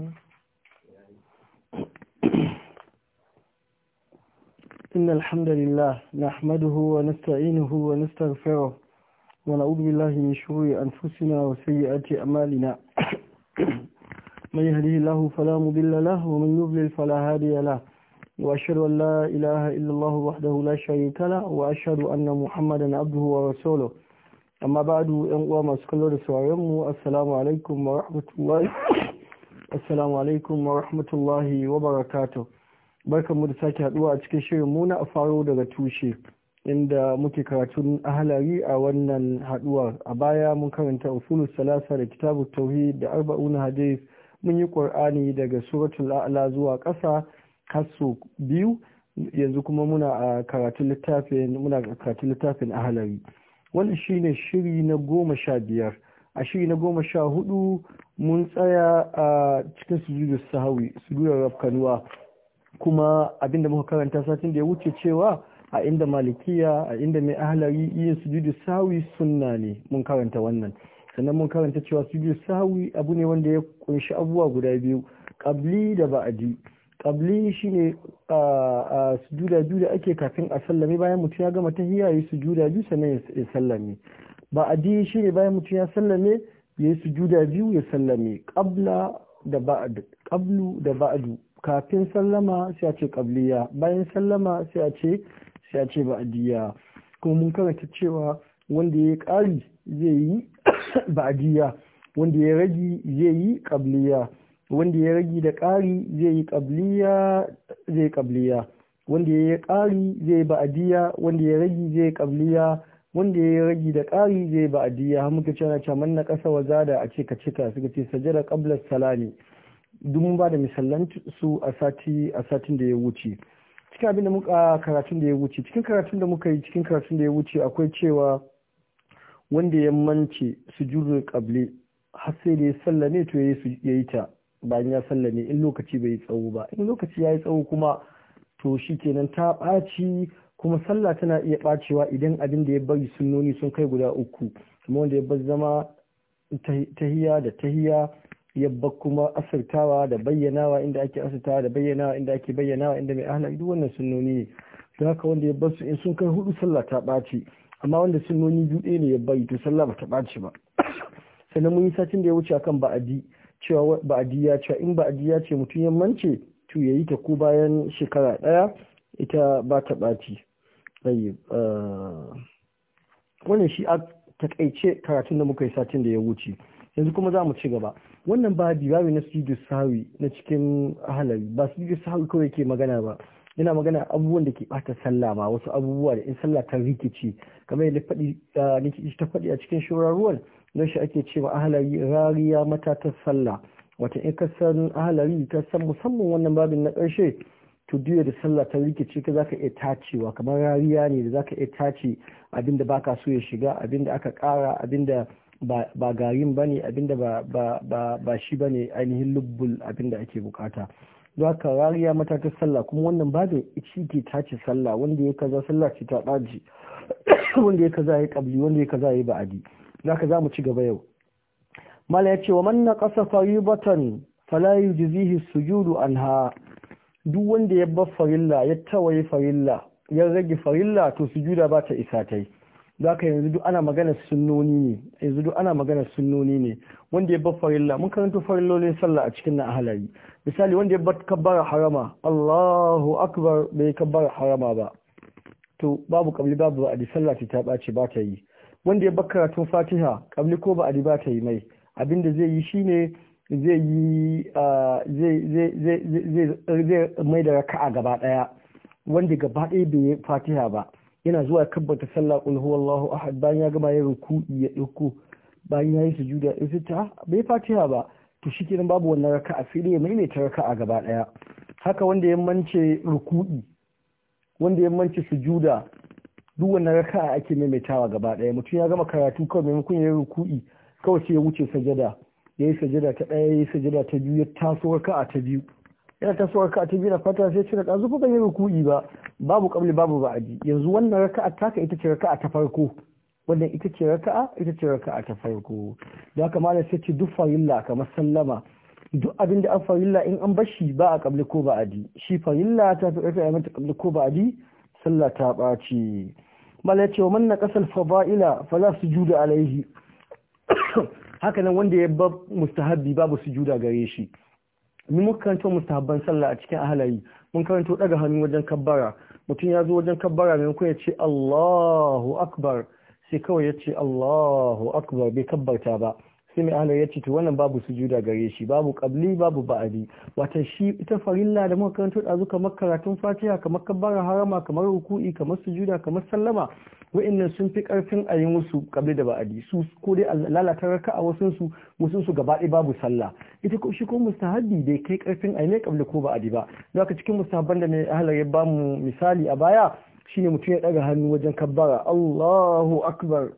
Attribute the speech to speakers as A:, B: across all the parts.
A: wannan إن الحمد لله نحمده ونستعينه ونستغفره ونعوذ بالله من شرور أنفسنا وسيئات أمالنا من يهده الله فلا مضل له ومن يضلل فلا هادي له وأشهد أن لا إله إلا الله وحده لا شريك له وأشهد أن محمدا عبده ورسوله أما بعد أن أقوى ما سكلوا السلام عليكم ورحمة الله Assalamu alaikum wa rahmatullahi wa barakatuh. mu da sake haduwa a cikin shirin muna na faro daga tushe inda muke karatun ahalari a wannan haduwar. A baya mun karanta usulu salasa da kitabu tauhi da arba'una hadith mun yi qur'ani daga suratul a'la zuwa ƙasa kaso biyu yanzu kuma muna a karatun littafin muna karatun littafin ahalari. Wannan shine shiri na goma sha biyar. a shiri na goma sha hudu mun tsaya a cikin sujudu sahawi sujudu rafkanuwa kuma abinda muka karanta satin da ya wuce cewa a inda malikiya a inda mai ahalari yin sujudu sahawi sunna ne mun karanta wannan sannan mun karanta cewa sujudu sahawi abu ne wanda ya kunshi abubuwa guda biyu kabli da ba'adi qabli shine a sujuda biyu da ake kafin a sallame bayan mutum ya gama ta hiyaye sujuda biyu sannan ya sallame ba'adi shine bayan mutum ya sallame ya yi sujuda biyu ya sallame qabla da ba'adu qablu da ba'adu kafin sallama sai a ce ƙabliya bayan sallama sai a ce sai a ce kuma mun karanta cewa wanda ya ƙari zai yi ba'adiyya wanda ya ragi zai yi ƙabliya wanda ya ragi da ƙari zai yi ƙabliya zai ƙabliya wanda ya ƙari zai ba'adiyya wanda ya ragi zai ƙabliya wanda ya ragi da ƙari zai ba adiya har muka ce ana man na ƙasa wa zada a ce ka cika suka ce sajara qabla salami duk mun ba da misalan su a sati a satin da ya wuce cikin abin da muka karatun da ya wuce cikin karatun da muka yi cikin karatun da ya wuce akwai cewa wanda ya mance sujudul qabli har sai da ya sallame to ya yi ta bayan ya sallame in lokaci bai tsawo ba in lokaci ya yi tsawo kuma to shi kenan ta ɓaci kuma sallah tana iya bacewa idan abin da ya bari sunnoni sun kai guda uku kuma wanda ya bar zama tahiya da tahiya ya bar kuma asirtawa da bayyanawa inda ake asirtawa da bayyanawa inda ake bayyanawa inda mai ahlak duk wannan sunnoni ne don haka wanda ya bar su in sun kai hudu sallah ta ɓaci amma wanda sunnoni biyu ɗaya ne ya bari to sallah ba ta ɓaci ba sannan mun yi satin da ya wuce akan ba'adi cewa ba'adi ya cewa in ba'adi ya ce mutum ya mance to ya yi ta ko bayan shekara ɗaya ita ba ta ɓaci Eh, wannan shi a takaice karatun da muka yi satin da ya wuce yanzu kuma za mu ci gaba wannan babi babi na studio sawi na cikin halari ba studio sawi kawai ke magana ba yana magana abubuwan da ke bata sallah ma wasu abubuwa da in sallah ta rikici kamar yadda faɗi rikici eh, ta faɗi a cikin shuraruwan don shi ake cewa ahalari rariya matatar sallah wata in ka san ahalari ka san musamman wannan babin na ƙarshe to duya da sallah ta rikice ka zaka iya tacewa kamar rariya ne da zaka iya tace abin da baka so ya shiga abin da aka kara abin da ba garin bane abin da ba shi bane ainihin lubbul abin da ake bukata za ka rariya matakin sallah kuma wannan ba da shi ke tace sallah wanda ya kaza sallah ce ta daji wanda ya kaza ya kabli wanda ya kaza ya ba'adi za ka za mu ci gaba yau mala ya ce wa man na ƙasa faribatan fala yujzihi sujudu anha duk wanda ya bar farilla ya tawaye farilla ya rage farilla to sujuda ba ta isa ta yi zaka yanzu duk ana magana sunnoni ne yanzu duk ana magana sunnoni ne wanda ya bar farilla mun karanta farillolin sallah a cikin ahalari misali wanda ya bar kabbara harama Allahu akbar bai kabbara harama ba to babu kabli babu ba'adi sallah ta bace ba ta yi wanda ya bar karatun fatiha kabli ko ba ba'adi ba ta yi mai abinda zai yi shine zai yi zai mai da raka'a gaba daya wanda gaba daya bai yi fatiha ba yana zuwa kabbata sallah qul huwallahu ahad bayan ya gama yin ruku'i ya dauko bayan ya yi sujuda ya fita bai fatiha ba to shikenan babu wannan raka'a sai dai ne ta raka'a gaba daya haka wanda ya mance ruku'i wanda ya mance sujuda duk wannan raka'a ake maimaitawa gaba daya mutum ya gama karatu kawai maimakon ya yin ruku'i kawai sai ya wuce sajada ya yi sajada ta ɗaya ya yi sajada ta biyu ya taso a ta biyu yana taso a ta biyu na fata sai cire raka'a zuwa ban yi ruku'i ba babu ƙabli babu ba'adi yanzu wannan raka'a taka ita ce raka'a ta farko wannan ita ce raka'a ita ce raka'a ta farko da haka malam sai ce duk farilla kamar sallama duk abin da an farilla in an bashi ba a ƙabli ko ba'adi shi farilla ta fi a mata ƙabli ko ba'adi sallah ta ɓaci malam ya ce wa man fa za su ju da alaihi haka nan wanda ya ba mustahabbi babu sujuda gare shi ni muka karanto mustahabban sallah a cikin ahlayi mun karanto daga hannu wajen kabbara mutum ya zo wajen kabbara kuma ya ce Allahu akbar sai kawai ya ce Allahu akbar bai kabbarta ba sai mai ahlayi ya ce to wannan babu sujuda gare shi babu kabli babu ba'adi wata shi ita farilla da muka karanto dazu kamar karatun fatiha kamar kabbara harama kamar ruku'i kamar sujuda kamar sallama wa'annan sun fi karfin a yi musu kabli da ba'adi su ko dai lalata raka a wasu su ga su gaba babu sallah ita ko shi ko mustahabi dai kai karfin a yi mai kabli ko ba'adi ba don haka cikin mustahabban da mai ahalar ya ba mu misali a baya shine mutum ya ɗaga hannu wajen kabbara Allahu akbar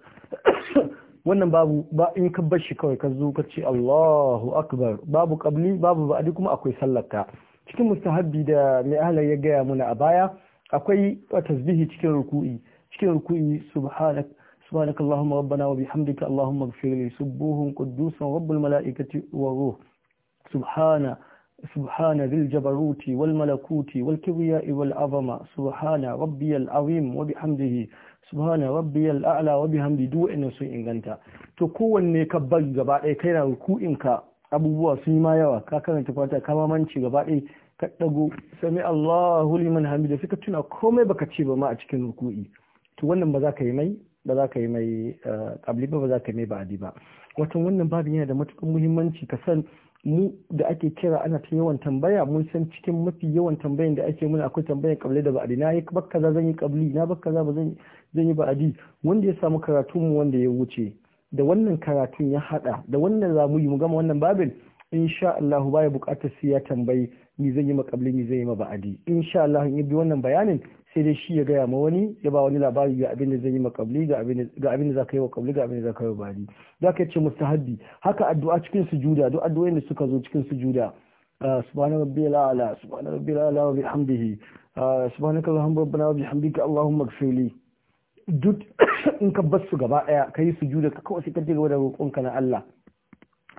A: wannan babu ba in kabbar shi kawai ka zo ka ce Allahu akbar babu kabli babu ba'adi kuma akwai sallar ka cikin mustahabbi da mai ahalar ya gaya muna a baya akwai tasbihi cikin ruku'i cikin ruku'i subhanak subhanak allahumma rabbana wa bihamdika allahumma ighfir li subuhun quddusan rabbul malaikati wa ruh subhana سبحان ذي الجبروت والملكوت والكبرياء والعظمة سبحان ربي العظيم وبحمده سبحان ربي الاعلى وبحمده دو ان سو إنغانتا تكون كبر جبائي كينا ركوئنك abubuwa sun yi ma yawa ka karanta fata ka mamanci gaba ɗaya ka ɗago sami Allahu liman hamida sai ka tuna komai baka ce ba ma a cikin ركوعي to wannan ba za ka yi mai ba za ka yi mai eh, ƙabli ba za ka yi mai ba'adi ba watan wannan babin yana da matukan muhimmanci ka san mu da ake kira ana ta yawan tambaya mun san cikin mafi yawan tambayan da ake muna akwai tambayan kabli da ba'adi na yi kaza zan yi kabli na kaza ba zan yi ba'adi wanda ya samu karatu mu wanda ya wuce da wannan karatun ya hada da wannan zamuyi mu gama wannan babin insha Allah baya bukatar sai ya tambayi ni zan yi makabli ni zan yi ma ba'adi insha Allah in bi wannan bayanin sai dai shi ya gaya ma wani ya ba wani labari ga abin da zan yi makabli ga abin da za ka yi wa kabli ga abin da za ka yi wa ba'adi za ka ce mustahabbi haka addu'a cikin sujuda duk addu'o'in da suka zo cikin sujuda ah, subhana rabbil a'la subhana rabbil a'la wa bihamdihi ah, subhanaka allahumma rabbana wa bihamdika allahumma ighfirli duk in ka bar su gaba daya kai sujuda ka kawai sai ka dinga gaba da roƙonka na Allah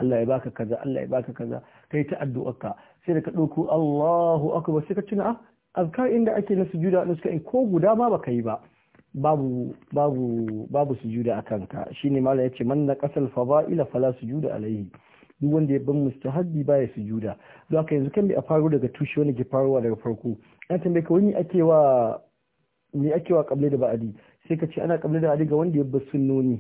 A: Allah ya baka kaza Allah ya baka kaza kai ta addu'arka sai da ka ɗauko Allahu akbar sai ka tuna ah, azkar inda ake na sujuda na suka ko guda ma baka yi ba babu babu babu sujuda akan ka shine mala yace man na qasal fada'ila fala sujuda alaihi duk wanda ya ban mustahabbi ya sujuda don haka yanzu kan bi a faro daga tushe wani ke faruwa daga farko an tambaye ka wani ake wa me ake wa kable da ba'adi sai ka ce ana kable da ba'adi ga wanda ya bar sunnoni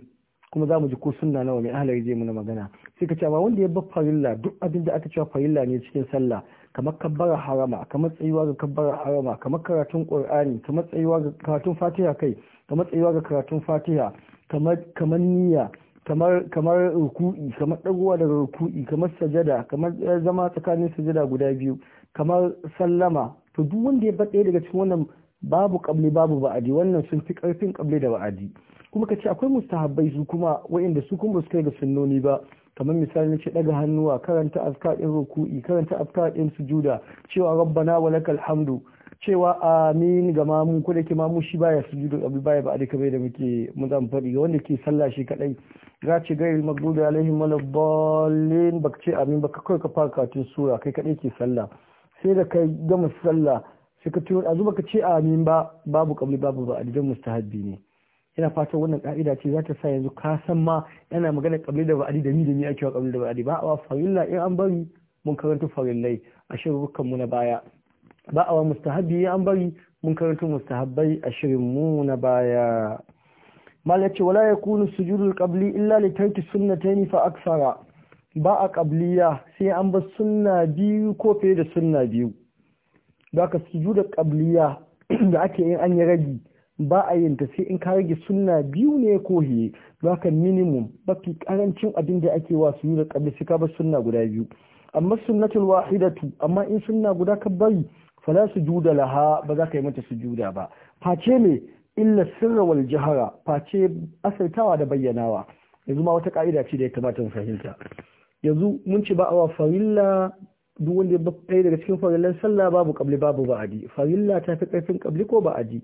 A: kuma za mu ji ko sunna nawa mai ahalari zai muna magana sai ka cewa wanda ya bar farilla duk abin da aka cewa farilla ne cikin sallah kamar kabbara harama kamar tsayuwa ga kabbara harama kamar karatun qur'ani kamar tsayuwa ga karatun fatiha kai kamar tsayuwa ga karatun fatiha kamar kamar niyya kamar kamar ruku'i kamar dagowa daga ruku'i kamar sajada kamar zama tsakanin sajada guda biyu kamar sallama to duk wanda ya bar ɗaya daga cikin wannan babu kabli babu ba'adi wannan sun fi karfin kabli da ba'adi kuma ka ce akwai mustahabbai su kuma wa'inda su kuma su kai ga sunnoni ba kamar misali na ce daga hannuwa karanta azkar ruku'i karanta azkar ɗin sujuda cewa rabbana lakal hamdu cewa amin ga mamu ko da ke mamu shi baya sujudu abu baya ba adika bai da muke zan faɗi ga wanda ke sallah shi kaɗai za ce gairi magdubi alaihim ba ka ce amin ba kawai ka fara katin sura kai kadai ke sallah sai da kai gama sallah sai ka tuyo azu ce amin ba babu kabli babu ba adidan mustahabbi ne Yana fatan wannan ka'ida ce za ta sa yanzu ka san ma yana magana kabli da ba'adi da ni da ni ake wa kabli da ba'adi ba awa farilla in an bari mun karanta farillai a shirrukan mu na baya ba awa mustahabbi in an bari mun karanta mustahabbai a shirin mu na baya mala ce wala ya kunu sujudul qabli illa li tarki sunnatayn fa aksara ba a qabliya sai an bar sunna biyu ko fiye da sunna biyu da ka sujudul qabliya da ake yin an yi ragi ba a yin ta sai in ka rage sunna biyu ne ko hiye haka minimum mafi karancin abin da ake wa su yi da kabi sai ka bar sunna guda biyu amma sunnatul wahidatu amma in sunna guda ka bari fala sujuda laha ba za ka yi mata sujuda ba face ne illa sirra wal jahara face asaitawa da bayyanawa yanzu ma wata ka'ida ce da ya kamata mu fahimta yanzu mun ce ba wa farilla duk wanda ya daga cikin farillan sallah babu kabli babu ba'adi farilla ta fi ƙarfin kabli ko ba'adi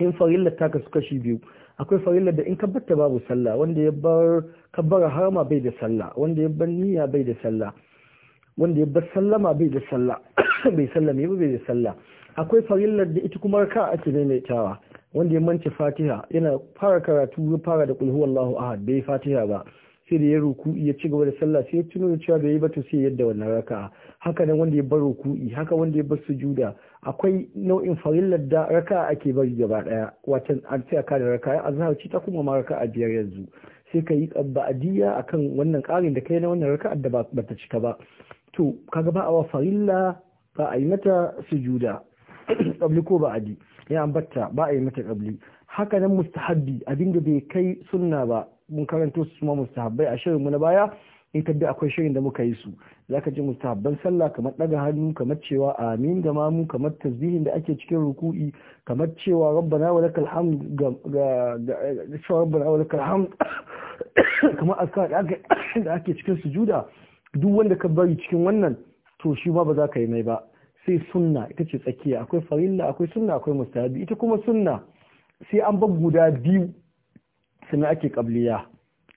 A: in farillar ta kasu kashi biyu akwai farillar da in ka babu sallah wanda ya bar kabbara harama bai da sallah wanda ya bar niyya bai da sallah wanda ya bar sallama bai da sallah bai sallame ba bai da sallah akwai farillar da ita kuma raka ake maimaitawa wanda ya manci fatiha yana fara karatu ya fara da kulhu wallahu ahad bai fatiha ba sai da ya ruku'i ya ci gaba da sallah sai ya tuno da cewa bai yi ba to sai yadda wannan raka'a haka nan wanda ya bar ruku'i haka wanda ya bar sujuda akwai nau'in farillar da raka ake bari gaba daya watan an sai ka da raka azhar ci ta kuma raka a biyar yanzu sai ka yi ba'adiyya akan wannan karin da kai na wannan raka da ba ta cika ba to kaga ba a wa farilla ba a yi mata sujuda qabli ko ba'adi ya ambata ba a yi mata qabli haka nan mustahabbi abin da bai kai sunna ba mun karanto su ma mustahabbai a shirin mu na baya in kadda akwai shirin da muka yi su za ka ji mustahabban sallah kamar ɗaga hannu kamar cewa amin ga mamu kamar tasbihin da ake cikin ruku'i kamar cewa rabbana wa lakal hamd ga cewa rabbana kamar askar da ake cikin sujuda duk wanda ka bari cikin wannan to shi ma ba za ka yi mai ba sai sunna ita ce tsakiya akwai farilla akwai sunna akwai mustahabi ita kuma sunna sai an bar guda biyu sannan ake kabliya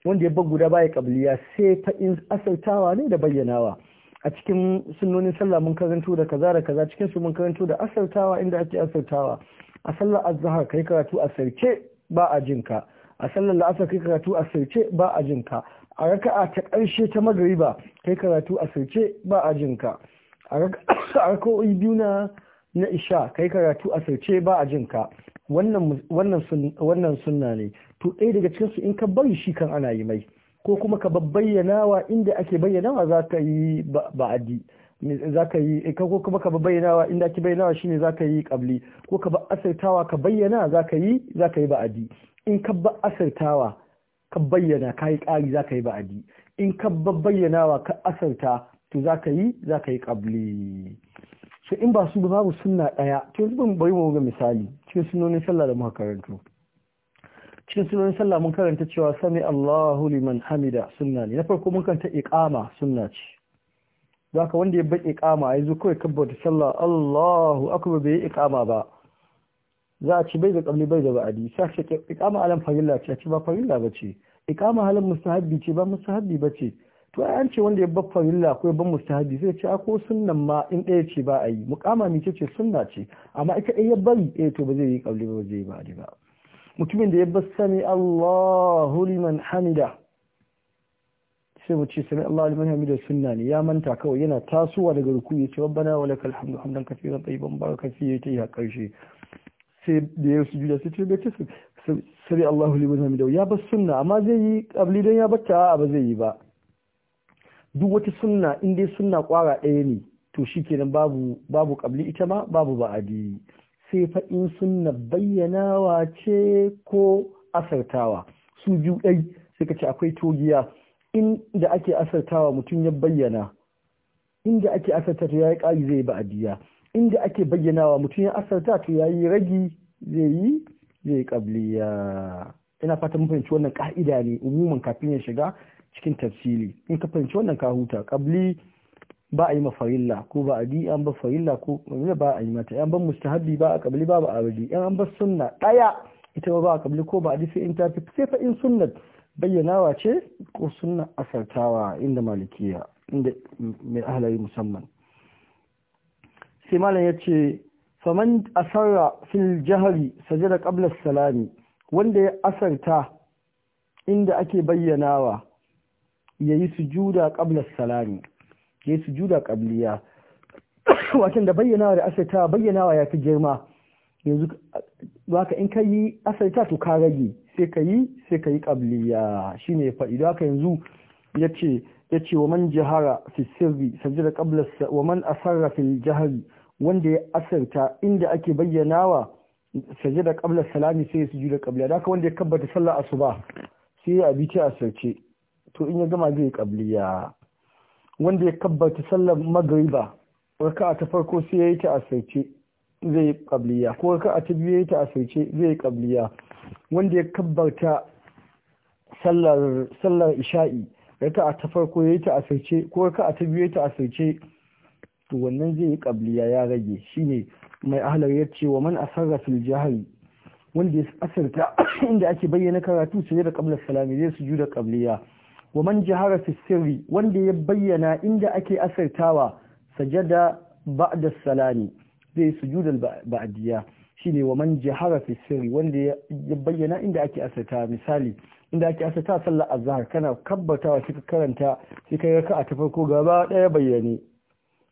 A: wanda ya guda baya kabliya sai ta in asaltawa ne da bayyanawa a cikin sunnonin sallah mun karanto da kaza da kaza cikin su mun karanto da asaltawa inda ake asaltawa a sallar azhar kai karatu a sarke ba a jinka a sallar la'asar kai karatu a sarke ba a jinka a raka'a ta ƙarshe ta magariba kai karatu a sarke ba a jinka a raka'o'i biyu na na isha kai karatu a sarce ba a jinka wannan sunna ne to ɗaya daga cikinsu in ka bari shi kan ana yi mai ko kuma ka bayyanawa inda ake bayyanawa za ka yi ba'adi za ka yi eh, ko kuma ka bayyanawa inda ake bayyanawa shine za ka yi kabli ko ka ba asaitawa ka bayyana za ka yi za ka yi ba'adi in ka ba asaitawa ka bayyana ka yi ƙari za ka yi ba'adi in ka ba ka asarta to za ka yi za ka yi kabli so in ba su babu suna ɗaya to yanzu ban bari mu ga misali cikin sunonin sallah da muka karanto cikin sunan sallah mun karanta cewa sami Allahu liman hamida sunna ne na farko mun kanta iqama sunna ce zaka wanda ya bai iqama ya zo kawai kabbata sallah Allahu akbar bai iqama ba za a ci bai da kabli bai da ba'adi sai ce iqama alam farilla ce ci ba ba ce, iqama halan mustahabbi ce ba mustahabbi ce, to ai an ce wanda ya bai farilla ko ya bai mustahabbi sai ce a ko sunnan ma in ɗaya ce ba a yi muqama ne ce sunna ce amma ita ɗaya bari eh to ba zai yi kabli ba zai yi ba'adi ba mutumin da ya bar sami Allahu liman hamida sai mu ce sami Allahu liman hamida sunna ne ya manta kawai yana tasowa daga ruku ya ce rabbana wa lakal hamdu hamdan katsiran tayyiban barakan fi yake ya karshe sai da ya sujuda sai ce bace sami Allahu liman hamida ya ba sunna amma zai yi kabli dan ya bata a ba zai yi ba duk wata sunna in dai sunna kwara ɗaya ne to shikenan babu babu kabli ita ma babu ba'adi sai fa in sunna bayyanawa ce ko asartawa su biyu ɗai sai ka ce akwai togiya inda ake asartawa mutum ya bayyana inda ake asarta to yayi ƙari zai ba adiya inda ake bayyanawa mutum ya asarta to yayi ragi zai yi zai kabliya ina fata mun fahimci wannan ka'ida ne umuman kafin ya shiga cikin tafsiri in ka fahimci wannan ka huta kabli ba a yi mafarilla ko ba a bi an ba farilla ko ba a yi mata yan ban mustahabbi ba a kabili ba ba a wuri yan an ba sunna daya ita ba ba a kabili ko ba a difi in tafi sai fa in sunna bayyanawa ce ko sunna asartawa inda malikiya inda mai ahalari musamman sai malam ya ce faman asarra fil jahari sajada qabla salami wanda ya asarta inda ake bayyanawa yayi sujuda qabla salami ya su sujuda qabliya watan da bayyanawa da asirta bayyanawa ya fi girma yanzu haka in ka yi asirta to ka rage sai ka yi sai ka yi qabliya shine ya faɗi haka yanzu yace yace wa man jahara fi sirri sajada qabla wa man asarra fil jahri wanda ya asirta inda ake bayyanawa da qabla salami sai sujuda qabliya haka wanda ya kabbata sallar asuba sai ya a asirce to in ya gama zai qabliya wanda ya kabbata sallar magriba a ta farko sai ya yi ta asirce zai yi kabliya ko a ta biyu ya yi ta asirce zai yi kabliya wanda ya kabbata sallar sallar isha'i raka'a ta farko ya yi ta asirce ko raka'a ta biyu ya yi ta asirce to wannan zai yi kabliya ya rage shine mai ahlar ya ce wa man asarra fil jahri wanda ya asirta inda ake bayyana karatu sai da qabla salami zai su sujuda kabliya wa man jahara fi sirri wanda ya bayyana inda ake asirtawa sajada ba'da salami zai sujudal ba'diya shine wa man jahara fi sirri wanda ya bayyana inda ake asirta misali inda ake asirta sallar azhar kana kabbatawa kika karanta kika raka'a ta farko gaba daya bayyane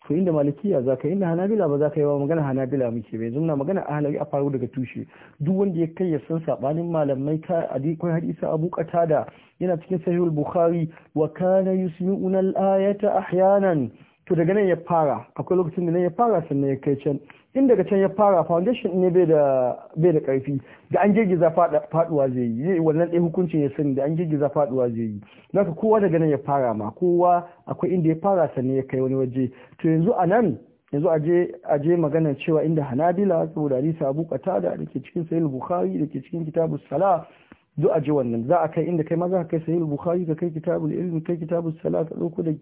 A: to inda malikiya za ka yi inda hanabila ba za ka yi ba magana hanabila muke bai zumna magana a hanabi a faru daga tushe duk wanda ya kai ya san sabanin malamai ka adikon hadisa abu da yana cikin sahihul bukhari wa kana yusmi'una al-ayata ahyanan to daga nan ya fara akwai lokacin da nan ya fara sannan ya kai can in daga can ya fara foundation ne bai da karfi da an girgiza faduwa zai yi zai wannan ɗaya hukuncin ya sani da an girgiza faduwa zai yi naka kowa daga nan ya fara ma kowa akwai inda ya fara sannan ya kai wani waje to yanzu a nan yanzu a je maganar cewa inda hanabila saboda hadisi abu qatada da ke cikin sahih bukhari da ke cikin kitabu salah duk a ji wannan za a kai inda kai ma za ka kai sahih bukhari ka kai kitabul ilm kai kitabus salah ka dauko da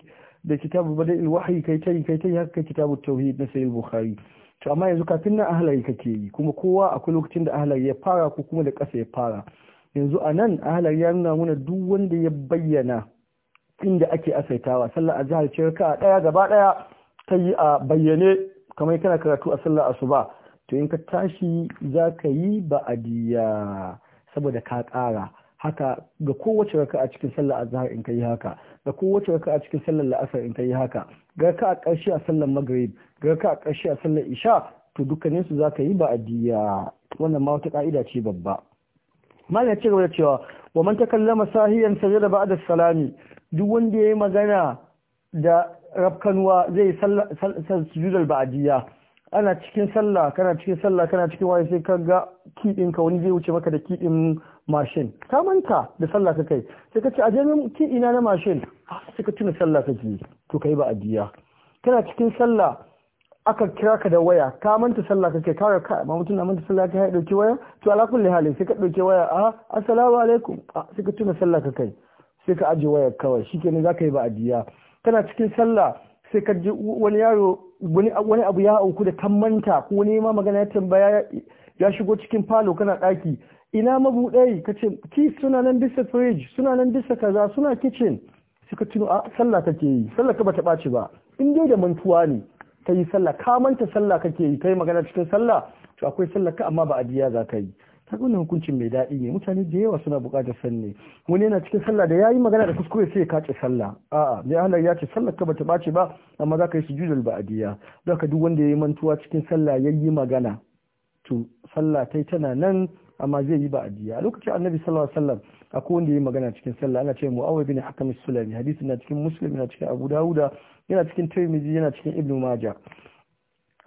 A: da kitabu bada'il wahayi kai kai kai kai haka kitabu tauhid na Sayyid bukhari to amma yanzu kafin nan ahlai kake yi kuma kowa akwai lokacin da ahlai ya fara ko kuma da ƙasa ya fara yanzu a nan ahlari ya nuna mana duk wanda ya bayyana inda ake asaitawa sallar azhar ce ka daya gaba daya kai a bayyane kamar kana karatu a sallar asuba to in ka tashi zaka yi ba'adiya saboda ka ƙara haka ga kowace raka'a a cikin sallar azhar in kai haka ga kowace raka'a a cikin sallar la'asar in kai haka ga ka a ƙarshe a sallar maghrib ga ka a ƙarshe a sallar isha to dukkanin su zaka yi ba adiya wannan ma wata ka'ida ce babba mallam ya gaba da cewa wa man takallama sahiyan sajada ba'da salami duk wanda yayi magana da rafkanwa zai sallar sujudal ba'diya ana cikin sallah kana cikin sallah kana cikin waye sai ka ga kidin ka wani zai wuce maka da kidin mashin ka manta da sallah ka kai sai ka ce a jami'in ki ina na mashin sai ka tuna sallah ka ji to kai ba addiya kana cikin sallah aka kira ka da waya ka manta sallah ka kai ka ka ma mutum na manta sallah ka kai dauki waya to ala kulli hali sai ka dauki waya a assalamu alaikum sai ka tuna sallah ka kai sai ka aje waya kawai shikenan zaka yi ba addiya kana cikin sallah sai ka ji wani yaro wani abu ya auku da kan manta ko wani ma magana ya tambaya ya shigo cikin falo kana daki ina mabuɗai ka ce ki suna nan bisa fridge suna nan bisa kaza suna kitchen suka tuno a ah, sallah kake yi sallah ka bata ɓaci ba in dai da mantuwa ne ka yi sallah ka manta sallah kake yi ka yi magana cikin sallah to akwai sallah ka amma ba a biya za ka yi ta wannan hukuncin mai daɗi ne mutane da yawa suna buƙatar sanne wani yana cikin sallah da ya yi magana da kuskure sai ya kace sallah a'a mai halar ya ce sallah ka bata ɓaci ba amma za ka yi sujudul ba'adiyya za ka duk wanda ya yi mantuwa cikin sallah ya yi magana to sallah tai tana nan amma zai yi ba'adiyya a lokacin annabi sallallahu alaihi wasallam akwai wanda yayi magana cikin sallah ana cewa mu'awai bin hakam sulami hadisi na cikin muslim yana cikin abu dauda yana cikin tirmidhi yana cikin ibnu majah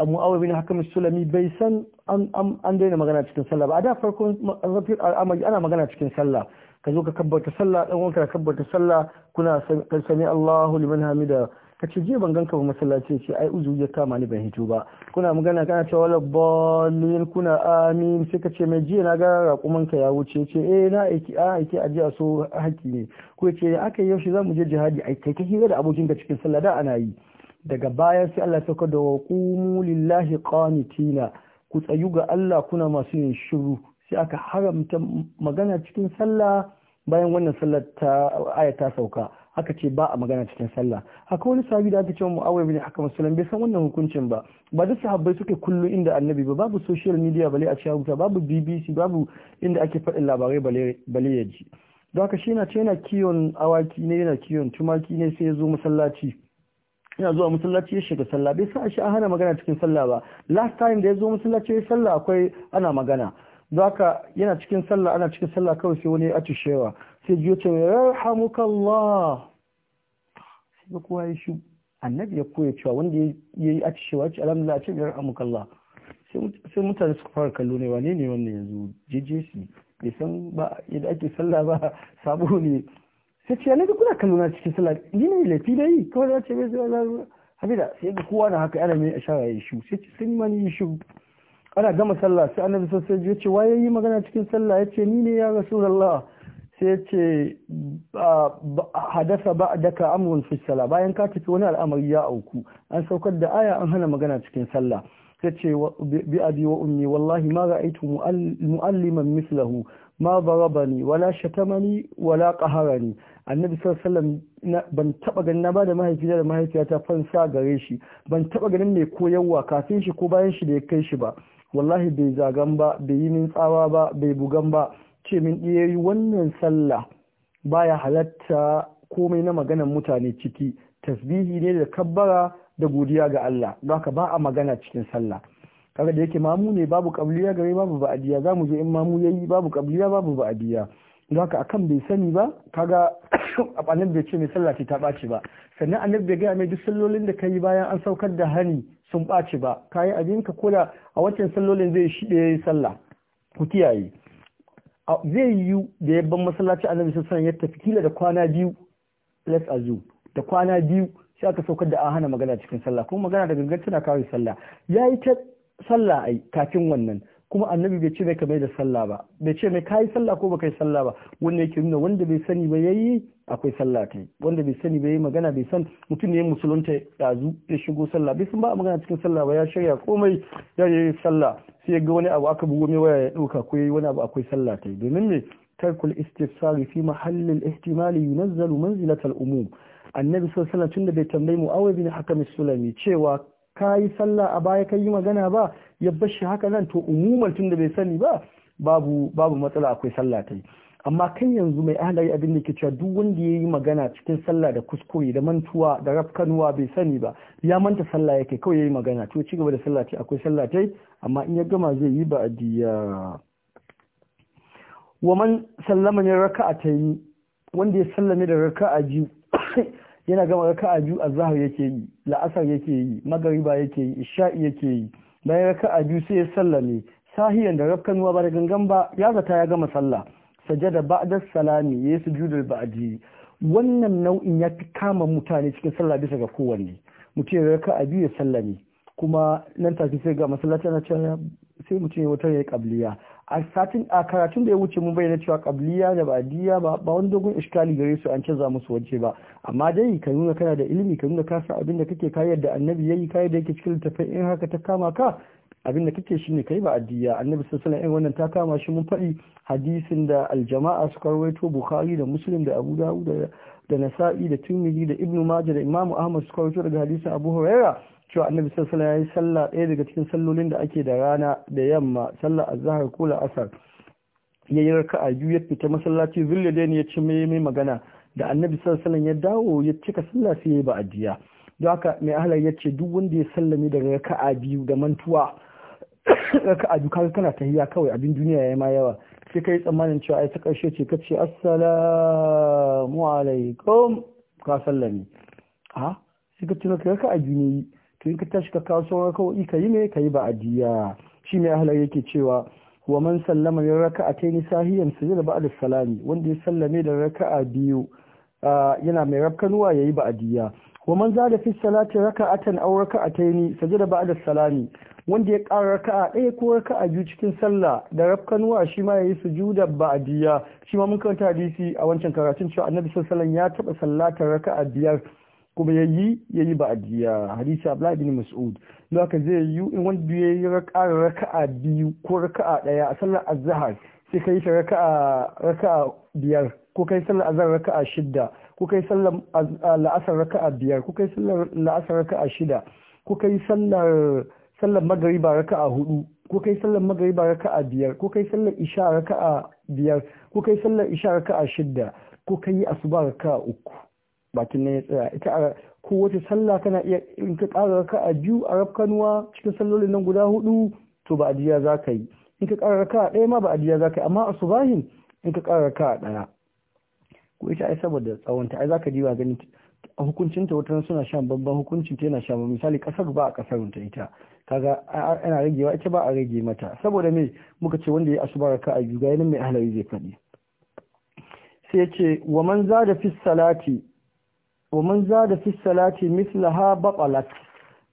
A: mu'awai bin hakam sulami bai san an daina magana cikin sallah ba a da farkon al'amari ana magana cikin sallah ka zo ka kabbarta sallah dan wanka ka kabbarta sallah kuna sami Allahu liman hamida ka ce je ban ganka ba masallaci ce ai uzu ya kama ni ban hito ba kuna magana kana cewa wala ballin kuna amin sai ka ce mai jiya na ga raƙuman ka ya wuce ce eh na aiki a aiki a jiya so haƙi ne ko ce aka yaushe za mu je jihadi ai kai ka hira da abokin ka cikin sallah da ana yi daga baya sai Allah ya da wa qumu lillahi qanitina ku tsayu ga Allah kuna masu yin shiru sai aka haramta magana cikin sallah bayan wannan sallar ta aya ta sauka aka ce ba a magana cikin sallah haka wani sahabi da aka ce mu awai bin haka musulun bai san wannan hukuncin ba ba duk sahabbai suke kullu inda annabi ba babu social media bale a cikin babu BBC babu inda ake faɗin labarai bale ya ji don haka shi na ce yana kiyon awaki ne yana kiyon tumaki ne sai ya zo masallaci yana zuwa masallaci ya shiga sallah bai sa shi an hana magana cikin sallah ba last time da ya zo masallaci ya sallah akwai ana magana don haka yana cikin sallah ana cikin sallah kawai sai wani ya atushewa sai jiyo ce yarhamukallah sai kowa ya shi annabi ya koya cewa wanda ya yi shewa ce alhamdulillah a ce yarhamukallah sai mutane suka fara kallo ne wane ne wannan yanzu jjc bai san ba yadda ake sallah ba sabo ne sai ce ne kuna kallo na cikin sallah ni ne laifi da yi kawai da ce bai zai lalu habida sai ga kowa na haka ana mai ashara ya shu sai ce sun mani yi shu ana gama sallah sai annabi sosai ya ce waye yi magana cikin sallah ya ce ni ne ya rasu Allah sai ce hadasa ba daka amurin fisala bayan ka tafi wani al'amari ya auku an saukar da aya an hana magana cikin sallah sai ce bi abi wa ummi wallahi ma ra'aytu mu'alliman mislahu ma ne. wala shatamani wala qaharani annabi sallallahu alaihi wasallam ban taba ganin na bada mahaifina da mahaifiyata fansa gare shi ban taba ganin mai koyarwa kafin shi ko bayan shi da ya kai shi ba wallahi bai zagan ba bai yi min tsawa ba bai bugan ba ce min ɗiyayi eh, wannan sallah baya halatta komai na maganan mutane ciki tasbihi ne da kabbara da godiya ga Allah haka ba a magana cikin sallah kaga da yake mamu ne babu kabliya gare babu za mu je in mamu yayi babu kabliya babu ba'diya haka akan bai sani ba kaga annabi bai ce mai sallah ta ɓaci ba sannan annabi bai gaya mai duk sallolin da kai bayan an saukar da hani sun ɓaci ba kayi abinka kula, a wancan sallolin zai shi ɗaya eh, sallah ku kiyaye zai yiwu da ya ban masallaci a sallallahu alaihi ya tafi kila da kwana biyu let's assume da kwana biyu sai aka saukar da an hana magana cikin sallah kuma magana da gangan tana kawo sallah ya yi ta sallah ai kafin wannan kuma annabi bai ce mai ka da sallah ba bai ce mai kayi sallah ko baka yi sallah ba wanda yake nuna wanda bai sani ba yayi akwai sallah kai wanda bai sani ba yayi magana bai san mutum ne musulunta dazu ya shigo sallah bai san ba magana cikin sallah ba ya shirya komai ya yi sallah sai ga wani abu aka bugo mai waya ya dauka ko yayi wani abu akwai sallah kai domin me tarkul istifsari fi mahallil ihtimali manzilat al umum annabi sallallahu alaihi wasallam tunda bai tambayi awai bin hakim sulami cewa kayi sallah a baya kai yi magana ba ya bar shi haka nan to umumar tun da bai sani ba babu babu matsala akwai sallah ta yi amma kan yanzu mai ahalari abin da ke cewa duk wanda ya yi magana cikin sallah da kuskure da mantuwa da rafkanuwa bai sani ba ya manta sallah yake kawai ya yi magana to ci gaba da sallah ta akwai sallah ta amma in ya gama zai yi ba a diya wa man sallama ne raka'a ta yi wanda ya sallame da raka'a biyu yana gama raka'a biyu azhar yake yi la'asar yake yi magariba yake yi isha'i yake yi bayan a biyu sai ya sallame sahiyan da rafkanuwa ba da gangan ba ya zata ya gama sallah sajada ba'da salami ya yi sujudul ba'di wannan nau'in ya fi kama mutane cikin sallah bisa ga kowanne mutum ya raka a biyu ya sallame kuma nan take sai ga masallaci ana cewa sai mutum ya wutar ya yi kabliya a satin a karatun da ya wuce mun bayyana cewa kabliya da badiya ba ba wani dogon iskali gare su an canza musu waje ba amma dai ka nuna kana da ilimi ka nuna kasa abin da kake kayar da annabi yayi kayar da yake cikin littafin in haka ta kama ka abin da kake shine kai ba addiya annabi sallallahu alaihi wasallam wannan ta kama shi mun faɗi hadisin da aljama'a suka rawaito bukhari da muslim da abu dawud da nasa'i da tirmidhi da ibnu majah da imamu ahmad suka rawaito daga hadisin abu hurairah cewa annabi sallallahu ya yi sallah ɗaya daga cikin sallolin da ake da rana da yamma sallah azhar ko la'asar ya yi raka'a biyu ya fita masallaci ne ya ci mai magana da annabi sallallahu ya dawo ya cika sallah sai ya ba'diya don haka mai ahlar ya ce duk wanda ya sallame daga raka'a biyu da mantuwa raka'a biyu kaga kana tahiya kawai abin duniya yi ma yawa sai kai tsammanin cewa ai ta karshe ce ka ce assalamu alaikum ka sallame a sai ka tuna raka'a biyu ne to in ka tashi ka kawo sauran kawai ka yi ne ka yi ba'adiyya shi mai ahalar yake cewa wa man sallama min raka'atayn sahiyan sujud ba'da salami wanda ya sallame da raka'a biyu yana mai rafkanuwa yayi ba'adiyya wa man zada fi salati raka'atan aw raka'atayn sujud ba'da salami wanda ya ƙara raka'a ɗaya ko raka'a biyu cikin sallah da rafkanuwa shi ma yayi sujuda ba'adiyya shi ma mun karanta hadisi a wancan karatun cewa annabi sallallahu alaihi wasallam ya taɓa sallatar raka'a biyar kuma ya yi ya yi ba'adiyya hadisi abdullahi bin mas'ud don haka zai yi in wanda ya yi ƙara raka'a biyu ko raka'a ɗaya a sallar azhar sai ka yi ta raka'a biyar ko kai sallar azhar raka'a shidda ko kai sallar la'asar raka'a biyar ko kai sallar la'asar raka'a shida ko kai sallar sallar magariba raka'a hudu ko kai sallar magariba raka'a biyar ko kai sallar isha raka'a biyar ko kai sallar isha raka'a shidda ko kai asuba raka'a uku bakin nan ya tsaya ita kowace sallah kana iya in ka ƙara a biyu a rafkanuwa cikin sallolin nan guda hudu to ba ajiya za ka yi in ka ƙara a ɗaya ma ba ajiya za ka yi amma a subahin in ka ƙara a ɗaya ko ita ai saboda tsawonta ai za ka ji ba ganin a hukuncinta wata suna shan babban hukuncin ta yana shan ba misali kasar ba a kasar ta ita kaga ana ragewa ita ba a rage mata saboda me muka ce wanda ya asuba raka a biyu ga mai ahalari zai faɗi sai ce wa man zada fi salati wa man zada fi salati mithlaha baqalat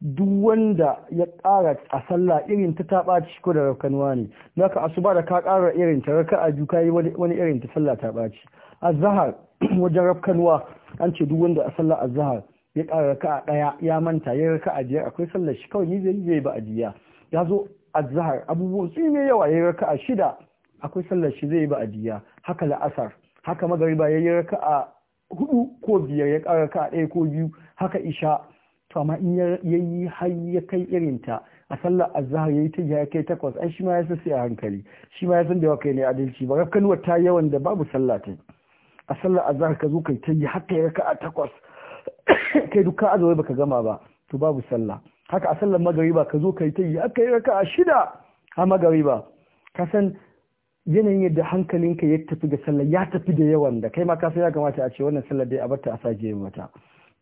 A: duk wanda ya ƙara a sallah irin ta ta ɓaci ko da rakanuwa ne naka asuba da ka ƙara irin ta raka'a biyu yi wani irin ta sallah ta ɓaci azhar wajen rakanuwa an ce duk wanda a sallah azhar ya ƙara a ɗaya ya manta ya a biyar akwai sallar shi kawai ni zai yi ba a adiya ya zo azhar abubuwan sun yi yawa ya raka'a shida akwai sallar shi zai yi ba a adiya haka la'asar haka magariba ya yi raka'a hudu ko biyar ya ƙara ka ɗaya ko biyu haka isha to amma in ya yi har ya kai irinta a sallar azhar ya yi ta ya kai takwas ai shi ma ya sai a hankali shi ma ya san da kai ne adalci ba rakanuwa ta yawan da babu sallah ta a sallar azhar ka zo kai ta yi haka ya ka a takwas kai dukkan azawai baka gama ba to babu sallah haka a sallar magariba ka zo kai ta yi haka ya ka a shida a magariba ka san yanayin yadda hankalinka ya tafi ga sallah ya tafi da yawan da kai ma ka ya kamata a ce wannan sallah dai a barta a sake mata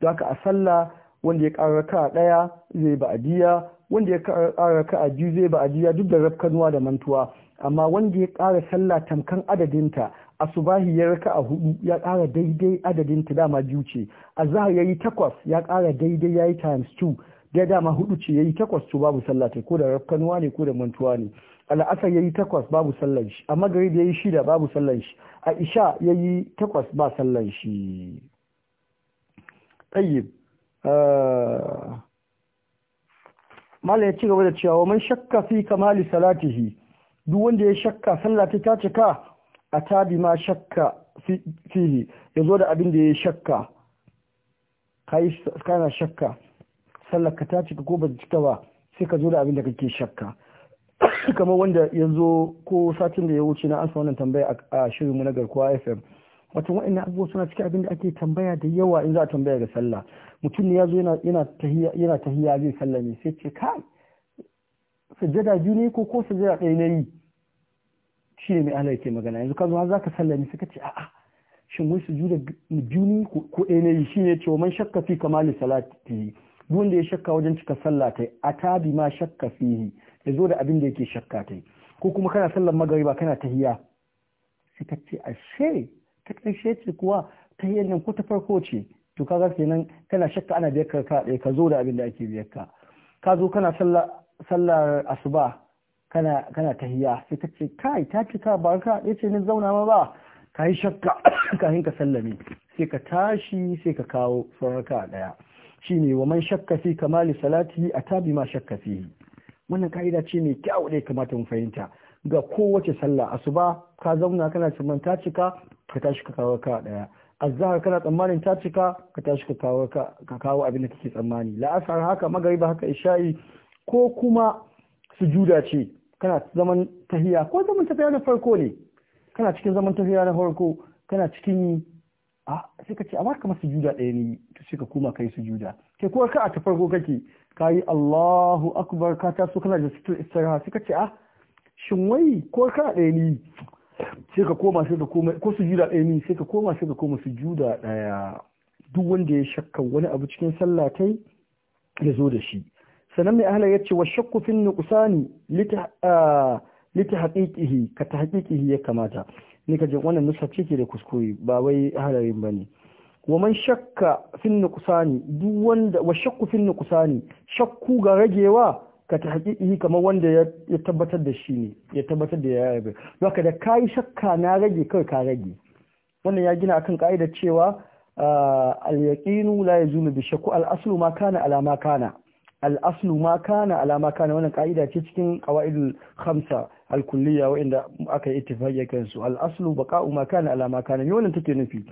A: don haka a sallah wanda ya ƙara ka a ɗaya zai ba adiya wanda ya ƙara ka a biyu zai ba adiya duk da rafkanuwa da mantuwa amma wanda ya ƙara sallah tamkan adadinta asubahi ya raka a hudu ya ƙara daidai adadinta dama biyu ce a zahar yayi takwas ya ƙara daidai yayi times two da dama hudu ce yayi takwas to babu sallah ta ko da rafkanuwa ne ko da mantuwa ne al'asar ya yi takwas babu sallan shi a magrib ya yi shida babu sallan shi a isha ya yi takwas ba sallan shi tsayyib eh, mala ya ci gaba da cewa man shakka fi kamali salatihi duk wanda ya shakka sallata ta cika a tabi ma shakka fihi ya zo da abin da ya shakka kana shakka sallaka ta cika ko ba cika ba sai ka zo da abin da kake shakka kamar wanda yanzu ko satin da ya wuce na ansa wannan tambaya a shirinmu na garkuwa fm wato wa'annan abubuwa suna cikin abin da ake tambaya da yawa in za a tambaya ga sallah mutum ne ya zo yana tahiya zai sallah ne sai ce kai sajjada biyu ne ko ko sajjada ɗaya na yi shi ne mai ala ke magana yanzu ka zo za ka sallah ne suka ce a'a shin wai sujuda biyu ne ko ɗaya na yi shi ne ce wa man shakka fi kamali salati duk da ya shakka wajen cika sallah tai atabi ma shakka fihi zo da abin da yake shakka tai ko kuma kana sallar magariba kana tahiya sai ka ce ashe ta karshe ce kuwa tahiyyar nan ko ta farko ce to ka ga kenan kana shakka ana biyar ka ɗaya ka zo da abin da ake biyar ka ka zo kana sallar asuba kana kana tahiya sai ka ce kai ta ka? ba ka yace ni zauna ma ba ka yi shakka kafin ka sallame sai ka tashi sai ka kawo sauran ka ɗaya shine wa man shakka fi kamali salatihi atabi ma shakka fi? wannan ka'ida ce mai kyau da kamata mu fahimta ga kowace sallah asuba ka zauna kana tsammanin ta cika ka tashi ka kawo ka daya azhar kana tsammanin ta cika ka tashi ka kawo ka kawo abin da kake tsammani la'asar haka magariba haka isha'i ko kuma sujuda ce kana zaman tahiya ko zaman tafiya na farko ne kana cikin zaman tafiya na farko kana cikin a sai ka ce amma kamar juda ɗaya ne to sai ka koma kai juda kai ko ka a ta farko kake Ka yi Allahu akbar ka ta so kana da sitar istiraha sai ka ce ah shin wai ko ka ɗaya ne sai ka koma sai ka koma ko su juda ɗaya ne sai ka koma sai ka koma su juda ɗaya duk wanda ya shakka wani abu cikin sallah kai ya zo da shi sannan mai ahala ya ce wa shakku fin nuqsani lita lita haqiqihi ka ta haqiqihi ya kamata ni ka wannan nusa ciki da kuskure ba wai halarin bane wa man shakka fin nuqsani duk wanda wa shakku fin nuqsani shakku ga ragewa ka ta haƙiƙi kamar wanda ya tabbatar da shi ne ya tabbatar da ya ba ka da yi shakka na rage kawai ka rage wannan ya gina akan ka'idar cewa ah, al yaqinu la yazulu bi shakku al aslu ma kana ala ma kana al'aslu ma kana alama kana wannan ka'ida ce cikin qawaidul khamsa al wanda aka yi ittifaqi kansu al'aslu baqa'u ma kana alama kana me wannan take nufi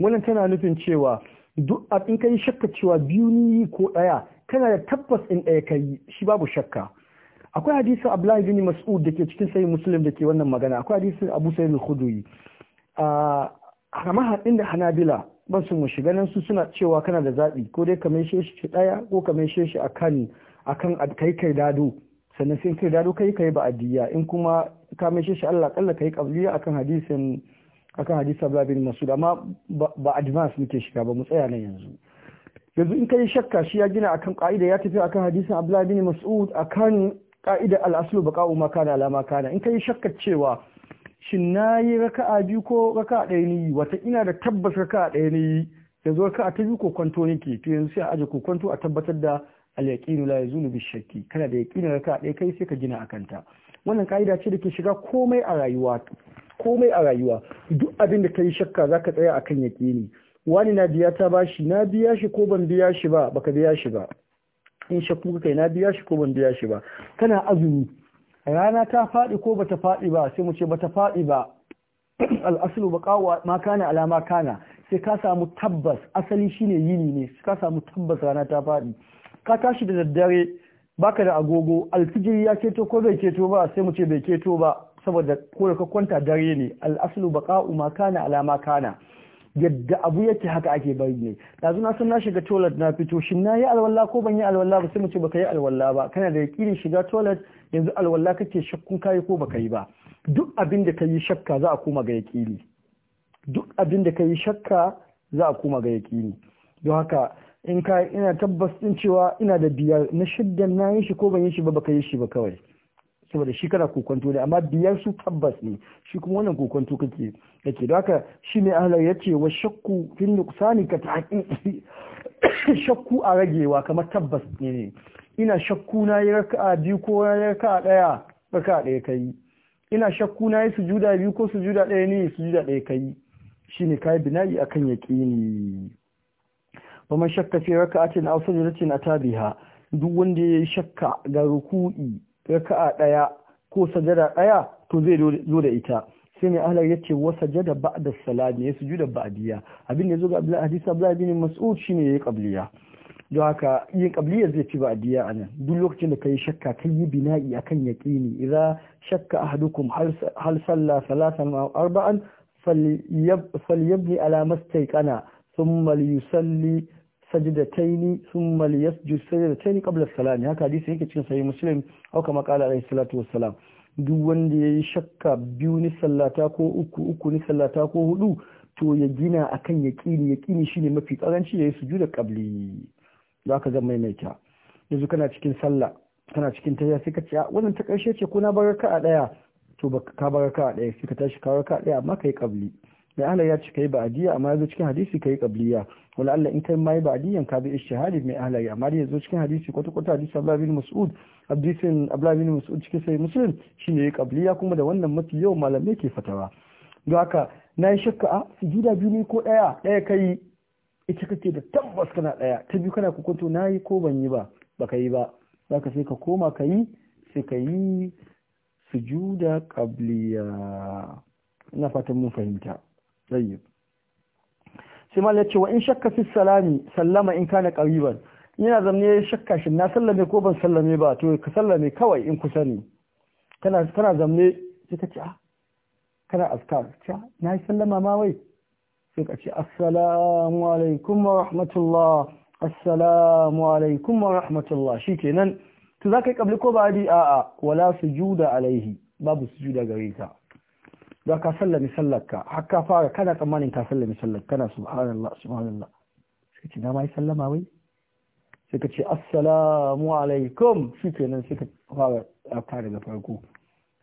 A: wannan tana nufin cewa duk in kai shakka cewa biyu ni ko daya kana da tabbas in daya kai shi babu shakka akwai hadisin Abdullahi bin Mas'ud dake cikin sahih Muslim dake wannan magana akwai hadisin Abu Sa'id al-Khudri ah, a kama hadin da Hanabila ba su mu shiga nan su suna cewa kana da zaɓi ko dai ka maishe shi ɗaya ko ka maishe shi akan akan kai kai dado sannan sai kai dado kai kai ba'adiyya in kuma ka maishe shi Allah kalla kai qabliya akan hadisin akan hadisi Abdullah bin Mas'ud amma ba advance muke shiga ba mu tsaya nan yanzu yanzu in kai shakka shi ya gina akan ka'ida ya tafi akan hadisin Abdullah bin Mas'ud akan ka'ida al-aslu baqa'u ma kana ala kana in kai shakka cewa shin na yi raka'a biyu ko raka'a ɗaya ne yi wata ina da tabbas raka'a ɗaya ne yi yanzu raka'a ta biyu ko kwanto nake to yanzu sai a aje ko kwanto a tabbatar da al-yaqinu la yazulu bi shakki kana da yaqinin raka'a ɗaya kai sai ka gina akan ta wannan ka'ida ce da ke shiga komai a rayuwa komai a rayuwa duk abin da yi shakka za ka tsaya akan yaqini wani na biya ta bashi na biya shi ko ban biya shi ba baka biya shi ba in shakku kai na biya shi ko ban biya shi ba kana azumi rana ta faɗi ko bata faɗi ba sai mu ce bata faɗi ba ba kawo ma kana ala ma kana sai ka samu tabbas asali shine yini ne ka samu tabbas rana ta faɗi ka tashi da daddare baka da agogo alfijiri ya keto ko bai keto ba sai mu ce bai keto ba saboda ko da ka kwanta dare ne ba kawo ma kana ala ma kana yadda abu yake haka ake bari ne yanzu na san na shiga toilet na fito shin na yi alwala ko ban yi alwala ba sai mu ce baka yi alwala ba kana da yakinin shiga toilet yanzu alwala kake shakkun kayi ko baka yi ba duk abin da kayi shakka za a koma ga yaqini duk abin da kayi shakka za a koma ga yaqini don haka in ka ina tabbas din cewa ina da biyar na shiddan na yi shi ko ban yi shi ba baka yi shi ba kawai saboda shi kana kokonto ne amma biyar su tabbas ne shi kuma wannan kokonto kake kake don haka shi ne ahlar ya ce wa shakku fin nuksani ka ta'in shakku a ragewa kamar tabbas ne ina shakku na yi raka'a biyu ko na yi raka'a ɗaya raka'a ɗaya kai ina shakku na yi sujuda biyu ko sujuda ɗaya ne sujuda ɗaya kai shine kai bina'i akan yaqini wa man shakka fi raka'atin aw sujudatin atabiha duk wanda ya shakka ga ruku'i raka'a ɗaya ko sajada ɗaya to zai zo da ita sai mai ahlar yace wa sajada ba'da salami ya sujuda ba'diya abin da ya zo ga Abdullahi hadisi Abdullahi bin Mas'ud shine yayi qabliya don haka yin qabliya zai ci ba diya a nan duk lokacin da ka yi shakka kai yi bina'i a kan yaƙini. idza shakka ahadukum hal salla salatan aw arba'an falyabni ala mastayqana thumma liyusalli sajidataini thumma liyasjud sajidataini qabla as-salami haka hadisi yake cikin sahih muslim au kama qala alayhi salatu wassalam duk wanda ya yi shakka biyu ni sallata ko uku uku ni sallata ko hudu to ya gina akan yaƙini yaqini shine mafi ƙaranci. Ya yi sujuda qabli za ka zan maimaita yanzu kana cikin sallah kana cikin tafiya sai ka ce ah, wannan ta karshe ce ko na bar a daya to ba ka bar raka'a daya sai ka tashi ka a daya amma kai qabli mai Allah ya ce kai ba'diya amma yanzu cikin hadisi kai kabliya wala Allah in kai mai ba'diyan ka bi ishtihadi mai Allah ya amma yanzu cikin hadisi kwata kwata hadisi Abdullah bin Mas'ud hadisin Abdullah bin Mas'ud cikin sai Muslim shine ya qabliya kuma da wannan mafi yau malamai ke fatawa don haka na yi shakka a ah, sujuda biyu ne ko daya daya kai ita kake da tabbas kana ɗaya ta biyu kana kukunto na yi ko ban yi ba baka yi ba zaka sai ka koma ka yi sai ka yi sujuda qabliya ina fatan mun fahimta Zai sai mallan ya ce wa in shakka fi salami sallama in kana qariban yana zamne shakka shin na sallame ko ban sallame ba to ka sallame kawai in kusa ne kana kana zamne sai ka ce ah, kana askar ta ah, na yi sallama ma wai sai ka ce assalamu alaikum wa rahmatullah assalamu alaikum wa rahmatullah shikenan to zaka yi kabli ko ba di a'a wala juda alaihi babu sujuda gare ka da ka sallami sallarka har ka fara kana tsammanin ka sallami sallar kana subhanallah subhanallah sai ce na mai sallama wai sai ka ce assalamu alaikum shikenan sai ka fara ka daga farko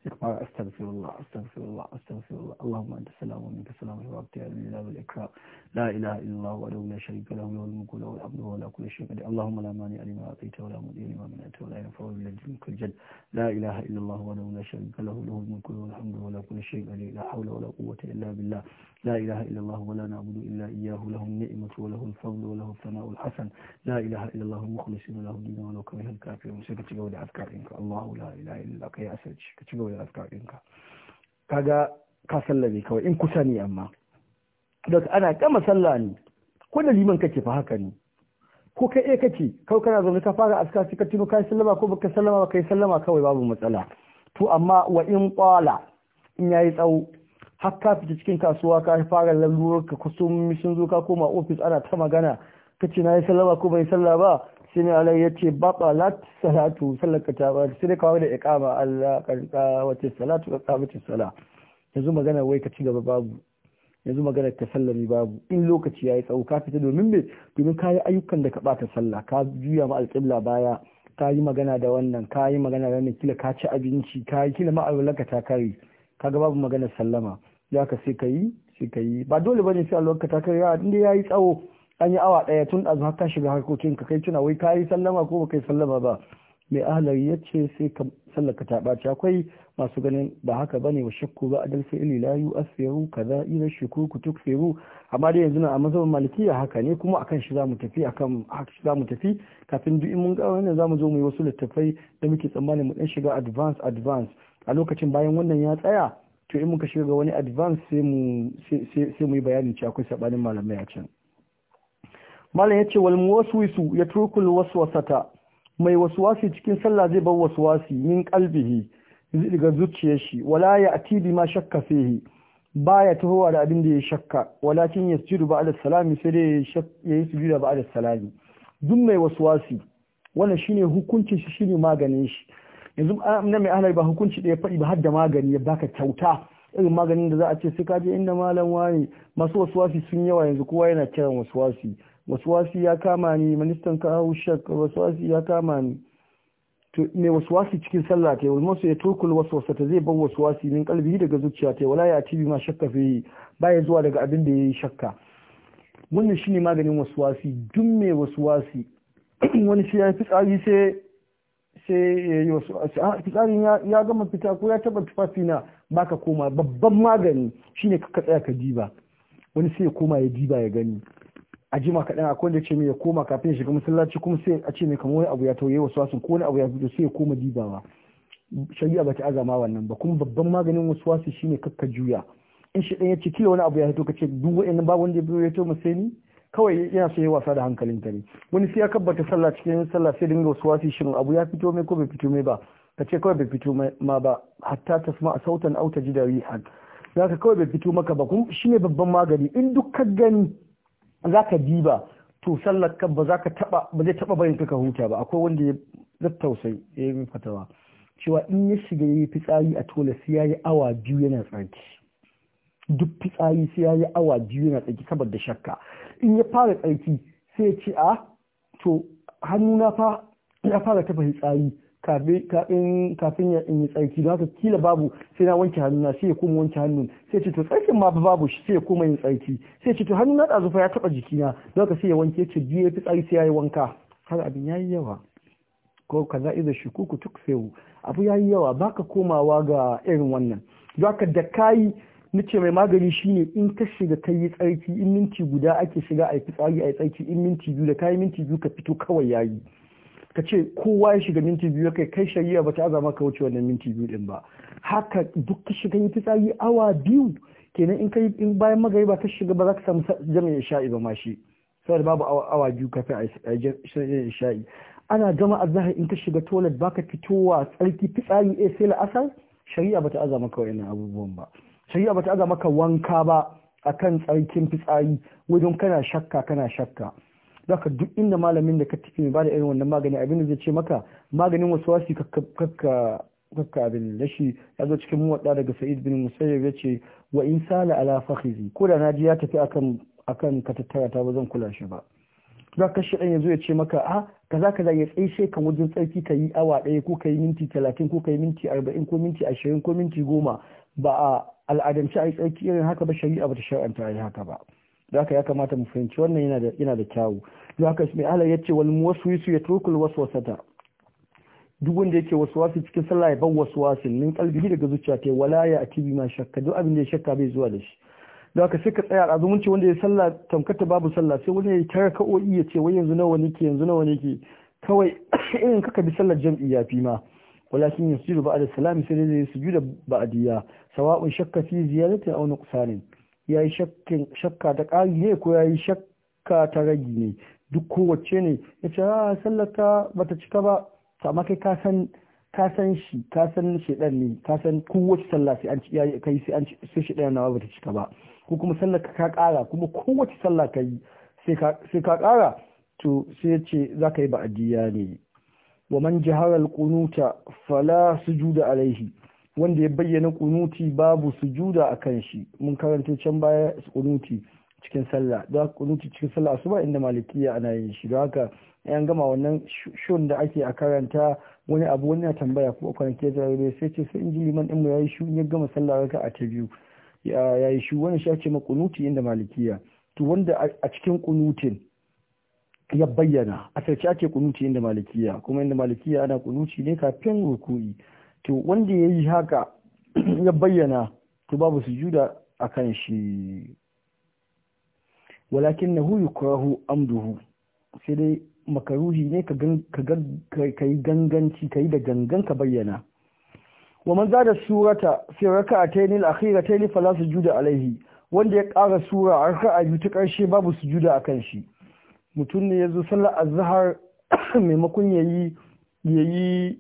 A: يقول أستغفر الله أستغفر الله أستغفر الله اللهم أنت السلام ومنك السلام وبركاته يا من الإله والإكرام لا إله إلا الله وحده لا شريك له له الملك وله الحمد وهو على كل شيء قدير اللهم لا مانع لما أعطيت ولا مضي لما منعت ولا ينفع إلا جنك الجد لا إله إلا الله وحده لا شريك له له الملك وله الحمد وهو على كل شيء قدير لا حول ولا قوة إلا بالله لا إله إلا الله ولا نعبد إلا إياه له النعمة وله الفضل وله الثناء الحسن لا إله إلا الله مخلصين له الدين ولو كره الكافرون sai ka ci gaba da azkarinka Allahu la ilaha illa kai asirci ka ci da azkarinka kaga ka sallame kawai in kusa ne amma daga ana gama sallah ne ko da liman kake fa haka ne ko kai eh kake kawai kana zaune ka fara aska sai ka tuno kai sallama ko baka sallama ba kai sallama kawai babu matsala to amma wa in qala in yayi tsawo har ka fita cikin kasuwa ka fara lalurar ka kusurmi sun zo ka koma ofis ana ta magana ka ce na yi sallama ko bai salla ba sai ne alai ya ce baba lat salatu sallar ka ta ba sai dai kawai da iqama Allah karka wace salatu ka kamata sala yanzu magana wai ka ci gaba babu yanzu magana ka sallami babu in lokaci yayi tsawo ka fita domin me domin kayi ayyukan da ka bata sallah ka juya ma alƙibla baya ka yi magana da wannan ka yi magana da wannan kila ka ci abinci ka yi kila ma'aulaka ta kare kaga babu magana sallama za ka sai ka yi sai ka yi ba dole bane sai a ka ta ya inda yayi tsawo an yi awa daya tun azu har ka shiga harkokin ka kai tuna wai ka sallama ko ba kai sallama ba mai ahalari yace ce sai ka sallaka ta baci akwai masu ganin ba haka bane wa shakku ba adal sai ili layu asiru kaza ila shukuku kutuk amma dai yanzu na a mazhabin malikiya haka ne kuma akan shi zamu tafi akan shi zamu tafi kafin duk in mun ga wannan zamu zo mu yi wasu littafai da muke tsammanin mu dan shiga advance advance a lokacin bayan wannan ya tsaya to in muka shiga ga wani advance sai mu yi bayanin cewa akwai sabanin malamai a can malam yace wal muwaswisu yatrukul waswasata mai waswasi cikin sallah zai bar waswasi min qalbihi daga zuciyar shi wala ya'ti ma shakka fihi baya tahowa da abin da ya shakka walakin yasjudu ba'da salami sai dai ya yayi sujuda ba'da salami duk mai waswasi wannan shine hukuncin shi shine maganin shi yanzu ah, na mai ahalari ba hukunci ɗaya faɗi ba har da magani ya baka kyauta irin maganin da za a ce sai ka je inda malam wani masu wasuwasi sun yawa yanzu kowa yana kiran wasuwasi wasuwasi ya kama ni ministan kawo shak wasuwasi ya kama ni to wasu wasuwasi cikin sallah ta yau masu ya turkul wasuwasa ta zai bar wasuwasi min kalbi daga zuciya ta wala ya tibi ma shakka fi baya zuwa daga abin da ya yi shakka wannan shine maganin wasuwasi duk mai wasuwasi wani shi ya fi tsari sai sai ya yi wasu a ah, fitsarin ya gama fita ko ya taba tufafi na baka koma babban magani shine ka tsaya ka diba wani sai ya koma ya diba ya gani a jima kaɗan akwai wanda ce mai ya koma kafin ya shiga masallaci kuma sai a ce mai kamar wani abu ya tauye wasu wasu ko wani abu ya fito sai ya koma dibawa shari'a ba ta azama wannan ba kuma babban maganin wasu wasu shine kakka juya in shi ɗan ya ce kila wani abu ya hito ka ce duk wa'in babu wanda ya biyo ya to masai ni kawai yana so ya wasa da hankalin ka ne wani sai ya kabbata sallah cikin sallah sai dinga wasu wasi shin abu ya fito mai ko bai fito mai ba ka ce kawai bai fito ma ba hatta tasma a sautan auta ji da rihan zaka kawai bai fito maka ba shi ne babban magani in duk ka gani zaka diba to sallar ka ba za ka taba ba zai taba barin ka huta ba akwai wanda ya zattausai ya yi fatawa cewa in ya shiga ya yi fitsari a tola sai ya yi awa biyu yana tsarki duk fitsari sai ya yi awa biyu yana tsarki saboda shakka in ya fara tsarki sai ya ce a ah, to hannuna fa ya fara tafa tsari kafin ya yi tsarki don haka kila babu sai na wanke hannuna sai ya koma wanke hannun sai ce to tsarkin ma babu shi sai ya koma yin tsarki sai ce to hannuna ɗazu fa ya taɓa jikina don haka sai ya wanke ce biyu ya fi tsari sai ya yi wanka har abin ya yi yawa ko kaza iza shi kuku tuk abu ya yi yawa baka komawa ga irin wannan don haka da kayi na ce mai magani shine in ka shiga ka yi tsarki in minti guda ake shiga a yi fitsari a yi tsarki in minti biyu da ka yi minti biyu ka fito kawai yayi ka ce kowa ya shiga minti biyu kai kai shari'a ba ta azama ka wuce wannan minti biyu din ba haka duk ka shiga yi fitsari awa biyu kenan in kai in bayan magariba ka shiga ba za ka samu jami'in sha'i ba ma shi saboda babu awa biyu kafin a yi sha'i ana gama azahar in ka shiga toilet baka fitowa tsarki fitsari eh sai la'asar shari'a ba ta azama kawai wa'annan abubuwan ba shari'a bata aza maka wanka ba akan tsarkin fitsari wajen kana shakka kana shakka zaka duk inda malamin da ka tafi mai bada irin wannan magani abin da zai ce maka maganin wasu wasu kakka abin da shi ya zo cikin muwaɗa daga sa'id bin musayyar ya ce wa in sala ala fahizi ko da naji ya tafi akan akan ka tattara ta ba zan kula shi ba za ka shi ya zo ya ce maka a ah, kaza kaza ya tsaishe kan wajen tsarki ka yi awa ɗaya ko ka yi minti talatin ko ka yi minti arba'in ko minti ashirin ko minti goma ba a al'adance a yi tsarki irin haka ba shari'a ba ta a yi haka ba da haka ya kamata mu fahimci wannan yana da kyawu don haka mai ala ya ce wasu yi su ya turkul ta duk wanda yake wasu wasu cikin sallah ya ban wasu wasu nin kalbihi daga zuciya ta wala a atibi ma shakka duk abin da ya shakka bai zuwa da shi da haka sai ka tsaya a zumunci wanda ya sallah tamkata babu sallah sai wani ya tara ka'o'i ya ce wai yanzu nawa nake yanzu nawa nake kawai irin kaka bi sallar jam'i ya fi ma ولكن yusiru ba'da salami sai dai sujuda ba'diya sawa'un shakka fi ziyarati aw nuqsanin yayi شك shakka ta ƙari ne ko yayi shakka ta ragi ne duk بتشكبا ne كاسن a sallata bata cika ba amma kai ka san shi ka ne ka kowace sallah sai an ci yayi kai sai an ci sai bata cika ba ko kuma sallar ka ƙara kuma kowace sallah kai sai ka sai ka ƙara to sai zaka yi ne wa man jahara alqunuta fala sujuda alaihi wanda ya bayyana kunuti babu sujuda kan shi mun karanta can baya kunuti cikin sallah da kunuti cikin sallah asuba inda malikiya ana yin shi don haka yan gama wannan shon da ake a karanta wani abu wani tambaya ko da zarare sai ce sai inji liman din mu yayi shu ya gama sallah raka a ta biyu yayi shu wani shi ake ma kunuti inda malikiya to wanda a cikin kunutin ya bayyana a sarki ake kunuci inda malikiya kuma inda malikiya ana kunuci ne kafin ruku'i to wanda ya yi haka ya bayyana to babu su juda a kan shi walakin na huyu kurahu amduhu sai dai makaruhi ne ka yi ganganci ka yi da gangan ka bayyana wa man da surata fi raka'atayn al-akhiratayn fala sujuda alaihi wanda ya kara sura a raka'a biyu ta karshe babu sujuda akan shi mutum ne ya zo sallar azhar maimakon ya yi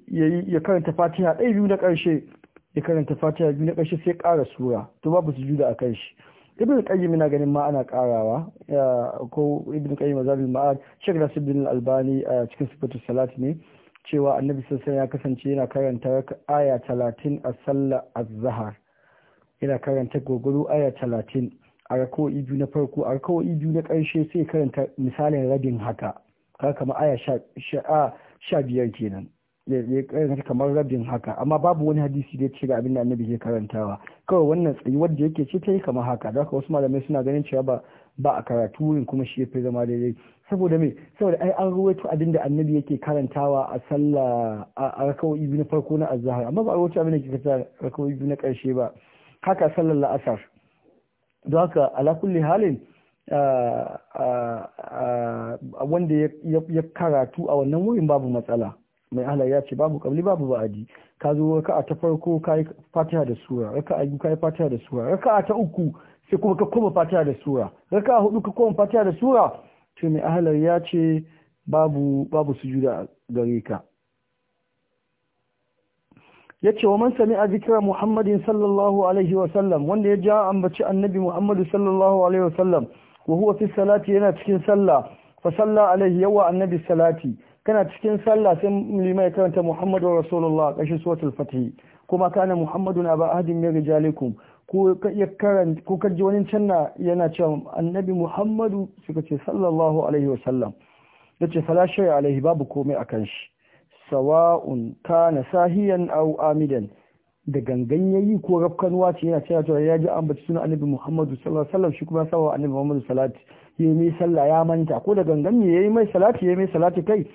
A: ya karanta fatiha ɗaya biyu na ƙarshe ya karanta fatiha biyu na ƙarshe sai ƙara sura to babu su sujuda a kan shi ibn qayyim ina ganin ma ana karawa ko ibn qayyim zabil ma'ad shaykh nasiruddin albani a cikin sifatu salat ne cewa annabi sallallahu ya kasance yana karanta aya 30 a sallar azhar yana karanta gogoro aya talatin. a rakawo'i biyu na farko a rakawo'i biyu na ƙarshe sai karanta misalin rabin haka ka kama aya sha biyar kenan ya karanta kamar rabin haka amma babu wani hadisi da ya ce ga abin da annabi ke karantawa kawai wannan tsayi wanda yake ce ta yi kamar haka da wasu malamai suna ganin cewa ba ba a karatu wurin kuma shi ya fi zama daidai saboda me saboda ai an ruwaito abin da annabi yake karantawa a sallah a rakawo'i biyu na farko na azhar amma ba a ruwaito abin da ke karanta rakawo'i biyu na karshe ba haka sallar la'asar don haka alakulli halin wanda ya karatu a wannan wurin babu matsala mai ala ya ce babu kabli babu ba'adi ka zo raka a ta farko kai fatiha da sura raka a biyu kai fatiha da sura raka a ta uku sai kuma ka koma fatiha da sura raka a hudu ka koma fatiha da sura to mai ala ya ce babu babu sujuda gare ka ya ce wa man sami a zikirar muhammadin sallallahu alaihi wasallam wanda ya ja ambaci annabi muhammadu sallallahu alaihi wasallam wa huwa fi salati yana cikin sallah fa salla alaihi yawa annabi salati kana cikin sallah sai limai karanta muhammadu rasulullah kashi suratul fatih kuma kana muhammadun aba ahadin min rijalikum ko ya karanta ko kaji wani canna yana cewa annabi muhammadu suka ce sallallahu alaihi wasallam yace fala shay alaihi babu komai akan shi sawa'un kana sahiyan aw amidan da gangan yayi ko rafkanuwa ce yana cewa cewa ya ji bace sunan annabi Muhammadu sallallahu alaihi wasallam shi kuma sawa annabi Muhammadu salati yayi mai sallah ya manta ko da gangan ne yayi mai salati yayi mai salati kai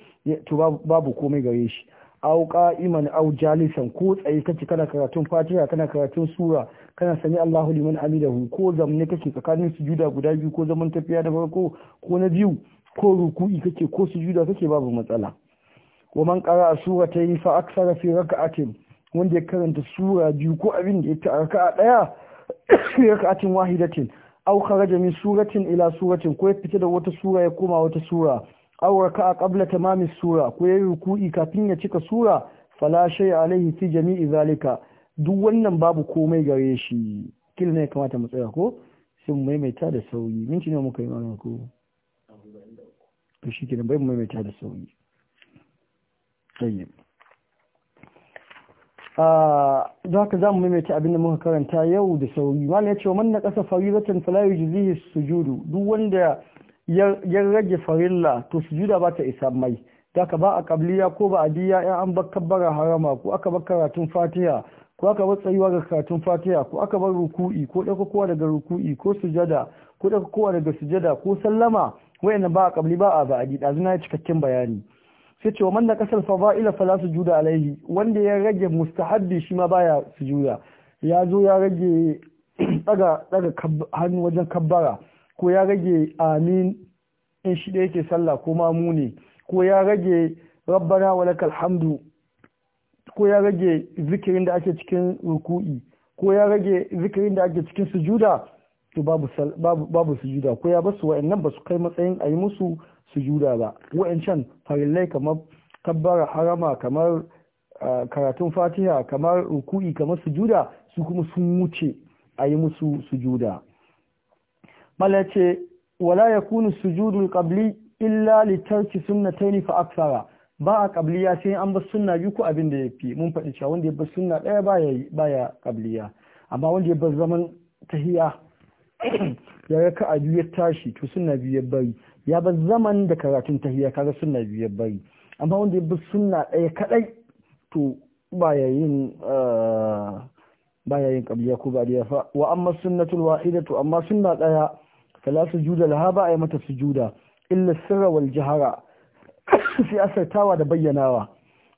A: to babu komai gare shi aw qa'iman aw jalisan ko tsaye kace kana karatun Fatiha kana karatun sura kana sami Allahu liman amidahu ko zamne kake tsakanin sujuda guda biyu ko zaman tafiya da farko ko na biyu ko ruku'i kake ko sujuda kake babu matsala wa man qara'a suratayn fa aksara fi raka'atin wanda ya karanta sura biyu ko abin da yake a raka'a daya fi raka'atin wahidatin aw kharaja min suratin ila suratin ko fita da wata sura ya koma wata sura aw raka'a qabla tamami sura ko ya ruku'i kafin ya cika sura fala shay alaihi fi jami'i zalika duk wannan babu komai gare shi kil ne kamata mu tsaya ko sai mu maimaita da sauyi minti ne muka yi mana ko to shi kenan bai mu maimaita da sauyi tayyib don haka za mu maimaita abinda muka karanta yau da sauri malam ya ce wa manna ƙasa fariratan fala yujzihi sujudu duk wanda ya rage farilla to sujuda ba ta isa mai daga ba a kabliya ko ba adiya in an bar kabbara harama ko aka bar karatun fatiha ko aka bar tsayuwa ga karatun fatiha ko aka bar ruku'i ko ɗauka kowa daga ruku'i ko sujada ko ɗauka kowa daga sujada ko sallama wayannan ba a kabli ba a ba'adi ɗazuna ya cikakken bayani sai ce wa man fa fada'ila su sujuda alaihi wanda ya rage mustahabbi shi ma baya juda ya zo ya rage daga daga hannu wajen kabbara ko ya rage amin in shi da yake sallah ko ma muni ko ya rage rabbana lakal hamdu ko ya rage zikirin da ake cikin ruku'i ko ya rage zikirin da ake cikin sujuda to babu babu, sujuda ko ya basu wa'annan ba su kai matsayin ayi musu sujuda ba wa'ancan farillai kamar kabbara harama kamar karatun fatiha kamar ruku'i kamar sujuda su kuma sun wuce a yi musu sujuda mala ce wala su sujudul qabli illa li tarki sunnatayn fa aksara ba a qabliya sai an bar sunna biyu ko abin da fi mun faɗi cewa wanda ya bar sunna ɗaya ba ya qabliya amma wanda ya bar zaman tahiya ya raka a biyu ya tashi to sunna biyu ya bari ya bar zaman da karatun tahiyya kaga suna biyu bari amma wanda ya bi suna ɗaya kaɗai to ba ya yin eh, ko ba da wa amma sunnatul to amma suna ɗaya fala juda laha ba a yi mata su sujuda illa sirra wal su fi asartawa da bayyanawa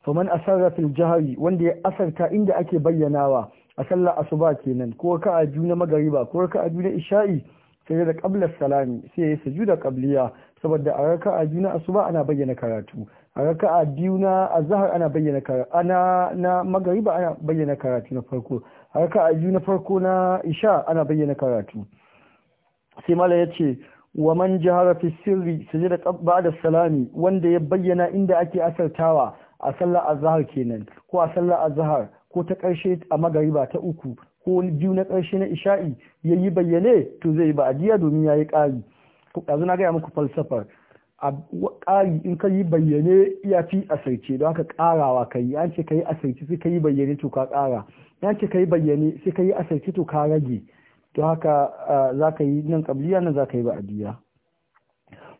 A: Kamar asarra fil jihari wanda ya asarta inda ake bayyanawa a sallar asuba kenan ko ka a juna magariba ko ka a juna isha'i sai da qabla salami sai yayi sujuda qabliya saboda a raka'a biyu na asuba ana bayyana karatu a raka'a biyu na azhar ana bayyana karatu ana na magariba ana bayyana karatu na farko a raka'a biyu na farko na isha ana bayyana karatu sai mala yace wa man jahara fi sirri ba da salami wanda ya bayyana inda ake asartawa a sallar azhar kenan ko a sallar azhar ko ta ƙarshe a magariba ta uku ko biyu na ƙarshe na isha'i ya yi bayyane to zai yi ba'adiyya domin ya yi ƙari ɗazu na gaya muku falsafar ƙari in ka yi bayyane ya fi asirce don haka ƙarawa ka yi an ce ka yi asirce sai ka yi bayyane to ka ƙara an ce ka yi bayyane sai ka yi asirce to ka rage to haka za ka yi nan ƙabliya nan za ka yi ba'adiyya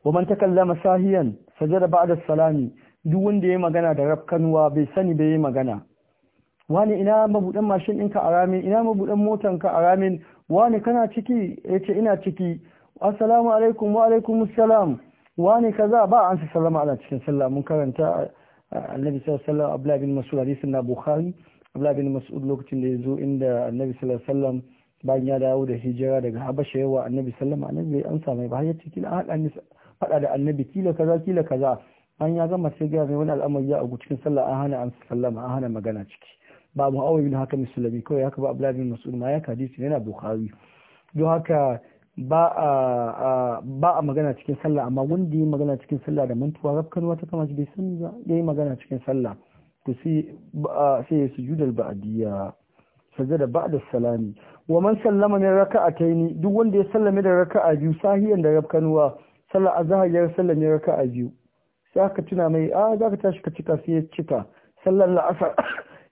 A: wa man takallama sahiyan sajada ba'da salami duk wanda ya magana da rafkanuwa bai sani bai yi magana wani ina mabuɗin mashin ɗinka a ramin ina mabuɗin ka a ramin wani kana ciki ya ce ina ciki assalamu alaikum wa alaikum salam wani kaza ba an sa salama ala cikin sallah mun karanta annabi sallallahu alaihi wasallam abdullahi bin mas'ud hadisin na bukhari abdullahi bin mas'ud lokacin da ya zo inda annabi sallallahu alaihi wasallam bayan ya dawo da hijira daga habasha yawa annabi wasallam annabi bai amsa mai ba ya ce kila an haɗa faɗa da annabi kila kaza kila kaza an ya gama sai ga mai wani al'amari ya a cikin sallah an hana an sallama an hana magana ciki ba awai bin haka musulmi kawai haka ba abdullahi bin mas'ud ma ya hadisi yana bukhari don haka ba a ba a magana cikin sallah amma wanda yi magana cikin sallah da mantuwa rafkanuwa ta kama shi bai san ba yi magana cikin sallah to sai sai ya sujudal ba'diyya sajada ba'da salami wa man sallama min raka'ataini duk wanda ya sallame da raka'a biyu sahiyan da rafkanuwa sallah azhar ya sallame raka'a biyu sai ka tuna mai a zaka tashi ka cika sai ya cika sallar la'asar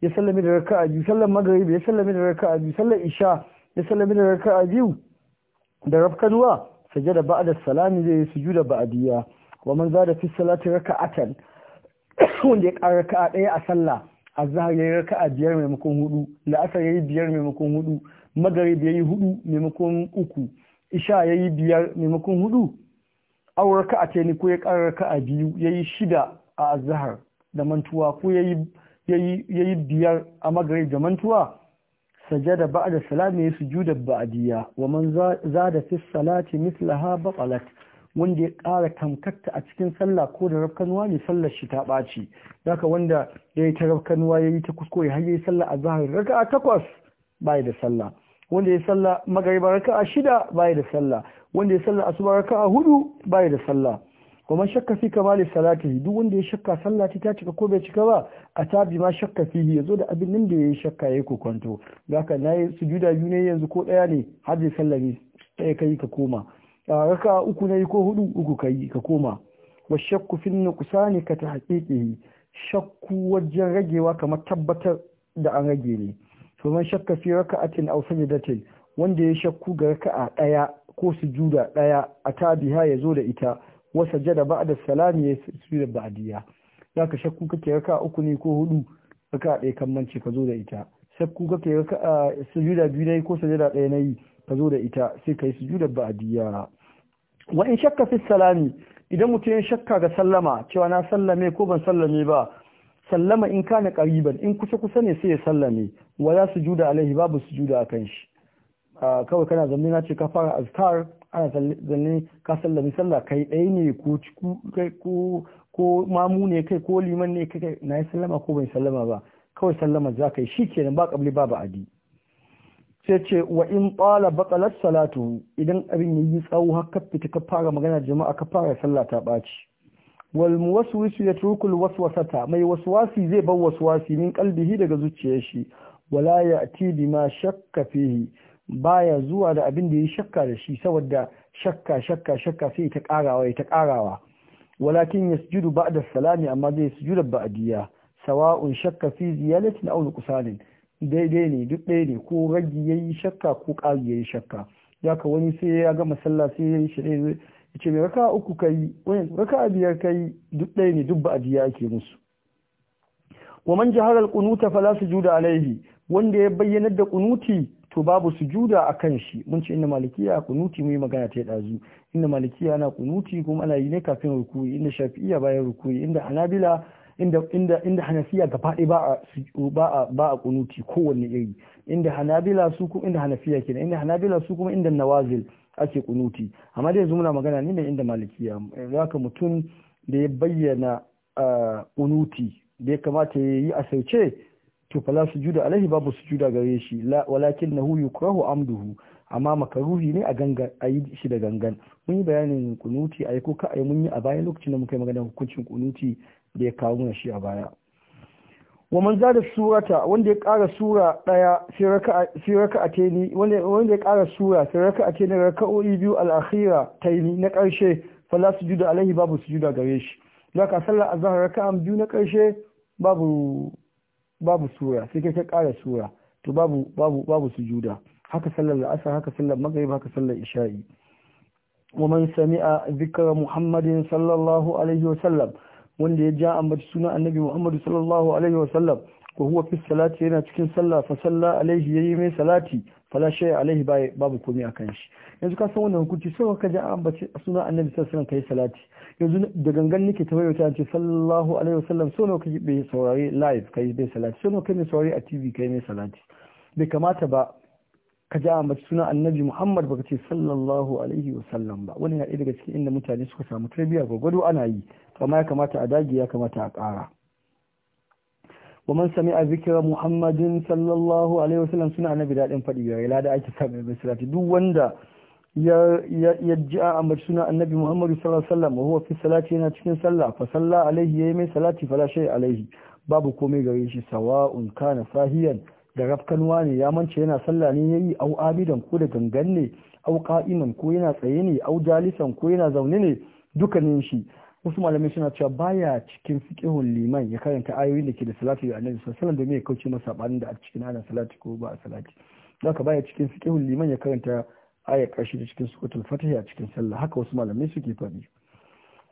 A: ya sallame da raka'a biyu sallar magrib ya sallame da raka'a biyu sallar isha ya sallame da raka'a biyu da rafkanuwa da ba'da salami zai yi sujuda ba'adiyya. wa man zada fi salati raka'atan wanda ya ƙara raka'a ɗaya a sallah azhar yayi raka'a biyar maimakon hudu la'asar yayi biyar maimakon hudu magrib yayi hudu maimakon uku isha yayi biyar maimakon hudu aw raka'a ce ne ko ya ƙara raka'a biyu yayi shida a azhar da mantuwa ko yayi yayi biyar a magarai da mantuwa sajada da salami ya sujuda ba'adiyya. wa man da fi salati mislaha batalat wanda ya ƙara tamkatta a cikin sallah ko da rafkanuwa ne sallar shi ta ɓaci daga wanda ya yi ta rafkanuwa ya yi ta kuskure har ya yi sallah a zahar a takwas bai da sallah wanda ya sallah magariba a shida bai da sallah wanda ya sallah a raka a hudu bai da sallah wa man shakka fi kamali salatihi duk wanda ya shakka sallaci ta cika ko bai cika ba a tabi ma shakka fihi yazo da abin nan da ya yayi shakka yayi kokonto zaka nayi sujuda biyu ne yanzu ko daya ne har zai sallami sai kai ka koma raka uku yi ko hudu uku kai ka koma wa shakku fi nuqsani ka ta tahqiqihi shakku wajen ragewa kamar tabbatar da an rage ne to man shakka fi raka'atin aw sajdatin wanda ya shakku ga raka'a daya ko su sujuda daya a tabiha yazo da ita jada ba da salami ya su da ba'adiyya ba'diya ka shakku kake raka uku ne ko hudu raka ɗaya kan mance ka zo da ita shakku kake raka da biyu nayi ko jada ɗaya na yi ka zo da ita sai ka yi kai da ba'adiyya wa in shakka fi salami idan mutum ya shakka ga sallama cewa na sallame ko ban sallame ba sallama in kana ƙariban, in kusa kusa ne sai ya sallame wala sujuda alaihi babu su sujuda akan shi ah, kawai kana zamne na ce ka fara azkar ana zanne ka sallami sallah kai ɗaya ne ko ko mamu ne kai ko liman ne kai na yi sallama ko bai sallama ba kawai sallama za ka yi shi kenan ba ƙabli ba ba'adi sai ce wa in ɓala baƙalar salatu idan abin ya yi tsawo har ka fita ka fara magana jama'a ka fara sallah ta ɓaci wal muwaswisu yatrukul waswasata mai waswasi zai bar waswasi min kalbihi daga zuciyar shi wala ya'ti bima shakka fihi baya zuwa da abin da ya shakka da shi saboda shakka shakka shakka sai ta karawa ya ta karawa walakin yasjudu ba'da salami amma zai sujuda ba'diya sawa'un shakka fi ziyalatin aw nuqsanin daidai ne duk ɗaya ne ko ragi yayi shakka ko ƙari yayi shakka yaka wani sai ya gama sallah sai ya shirye ya ce mai raka uku kai wani raka biyar kai duk ɗaya ne duk ba'diya ake musu wa man jahara al-qunuta fala sujuda alayhi. wanda ya bayyana da qunuti to babu sujuda a kan shi mun ce inda malikiya kunuti mu yi magana ta ɗazu inda malikiya ana kunuti kuma ana yi ne kafin rukuyi inda shafi'iya bayan rukuyi inda hanabila inda inda inda hanafiya gaba ɗaya ba a ba a ba a kunuti kowanne iri inda hanabila su kuma inda hanafiya kenan inda hanabila su kuma inda nawazil ake kunuti amma dai yanzu muna magana ne da inda malikiya zaka mutum da ya bayyana ah, kunuti da ya kamata ya yi a sauce to la sujuda alaihi babu sujuda gare shi walakin nahu yukrahu amduhu amma makaruhi ne a ganga ayi yi shi da gangan mun yi bayanin kunuti a yi ko ka'ai mun yi a bayan lokacin da muka yi magana hukuncin kunuti da ya kawo mana shi a baya wa man zada surata wanda ya ƙara sura daya fi raka'a taini wanda ya ƙara sura fi raka'a taini raka'o'i biyu al-akhira taini na ƙarshe la sujuda alaihi babu sujuda gare shi zaka sallar azhar raka'a biyu na ƙarshe babu babu sura sai kai ka ƙara sura to babu babu babu sujuda haka sallar la'asar haka sallar maghrib haka sallar isha'i wa man sami'a dhikra muhammadin sallallahu alaihi wa sallam wanda ya ja ambaci sunan annabi muhammad sallallahu alaihi wa sallam ko huwa fi salati yana cikin sallah fa salla alaihi yayi mai salati fala shay alaihi babu komai akan shi yanzu ka san wannan hukunci sai ka ji an bace sunan annabi sallallahu alaihi wasallam kai salati yanzu da gangan nake ta bayyana ce sallallahu alaihi wasallam so nawa kai bai saurari live kai bai salati so nawa kai saurari a TV kai mai salati bai kamata ba ka ji an bace sunan annabi Muhammad baka ce sallallahu alaihi wasallam ba wannan ya daga cikin inda mutane suka samu tarbiyya gwagwado ana yi amma ya kamata a dage ya kamata a ƙara wa man sami a zikira muhammadin sallallahu alaihi wasallam suna annabi daɗin faɗi ga lada ake sami misirati duk wanda ya ji a suna annabi muhammadu sallallahu alaihi wasallam wa huwa fi salati yana cikin sallah fa salla alaihi yi mai salati fala shay alaihi babu komai gare shi sawa'un kana sahiyan da rafkanwa ne ya mance yana sallah ne yayi au abidan ko da gangan ne au qa'iman ko yana tsaye ne au jalisan ko yana zaune ne dukkanin shi wasu malamai suna cewa baya cikin fiqihun liman ya karanta ayoyin da ke da salati ga annabi sallallahu alaihi domin ya kauce masa sabanin da a cikin ana salati ko ba a salati haka baya cikin fiqihun liman ya karanta ayar karshe da cikin suratul fatiha a cikin sallah haka wasu malamai suke faɗi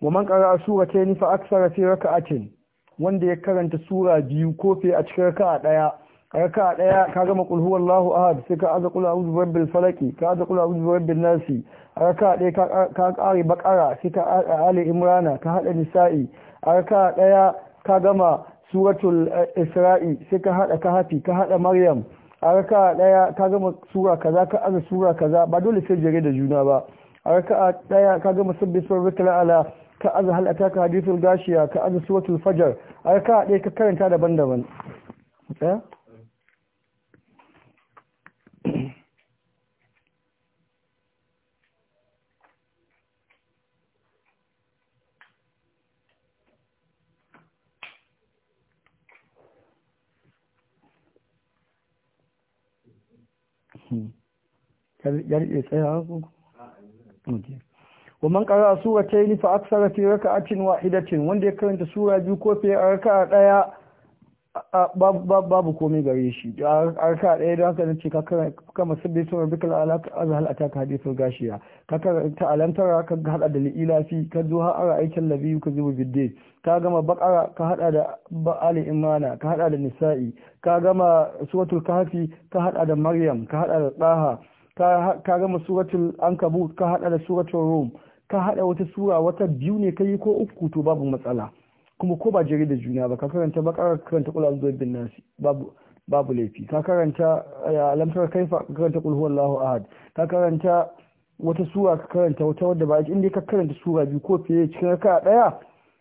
A: wa man qara'a suratayn fa aksara fi raka'atin wanda ya karanta sura biyu ko fi a cikin raka'a daya ka daya ka gama qul huwallahu ahad sai ka aza kula a'udhu birabbil falaki ka aza kula a'udhu birabbin nasi ka daya ka kare bakara sai ka ali imrana ka hada nisa'i ka daya ka gama suratul eh, isra'i sai ka hada kahfi ka hada maryam ka daya ka gama sura kaza ka aza sura kaza ba dole sai jere da juna ba ka daya ka gama sabbi suratul ala ka aza hal ataka hadithul gashiya ka aza suratul fajr ka daya ka karanta daban-daban eh? yar hmm. iya tsaya sura ta yi nufa aksara fi raka'acin wahidacin wanda ya karanta sura biyu ko fiye a raka'a ɗaya babu komai gare shi a ka ɗaya da haka nace ka kama sabbi sun rabbika alaka azhal ka hadithul gashiya ka ta alantara ka hada da li’ilafi ka zo har aikin labi ka zuba bidde ka gama bakara ka hada da ba'ali imana ka hada da nisa'i ka gama suratul kafi ka hada da maryam ka hada da tsaha ka gama suratul ankabut ka hada da suratul rum ka hada wata sura wata biyu ne ka yi ko uku to babu matsala kuma ko ba jere da juna ba ka karanta bakara ka karanta kula zuwa bin nasi babu babu laifi ka karanta alamtar kaifa ka karanta kulhu huwallahu ahad ka karanta wata sura ka karanta wata wadda ba inda ka karanta sura biyu ko fiye cikin raka daya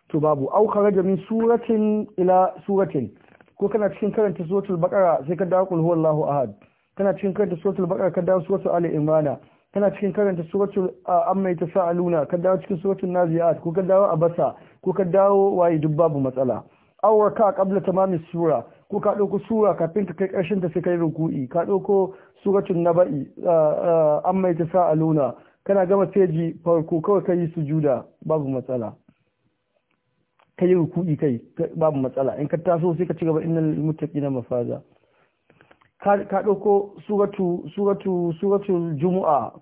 A: to babu au raja min suratin ila suratin ko kana cikin karanta suratul baqara sai ka dawo kulhu huwallahu ahad kana cikin karanta suratul baqara ka dawo suratul ali imrana kana cikin karanta suratul amma ta sa'aluna ka dawo cikin suratul naziyat ko ka dawo a basa ko ka dawo waye duk babu matsala awar ka qabla tamami sura ko ka dauko sura kafin ka kai karshen ta sai kai ruku'i ka dauko suratul naba'i amma ta sa'aluna kana gama feji farko kawai kai sujuda babu matsala kai ruku'i kai babu matsala in ka taso sai ka ci gaba innal muttaqina mafaza ka ɗauko suratu juma'a suratul jumu'a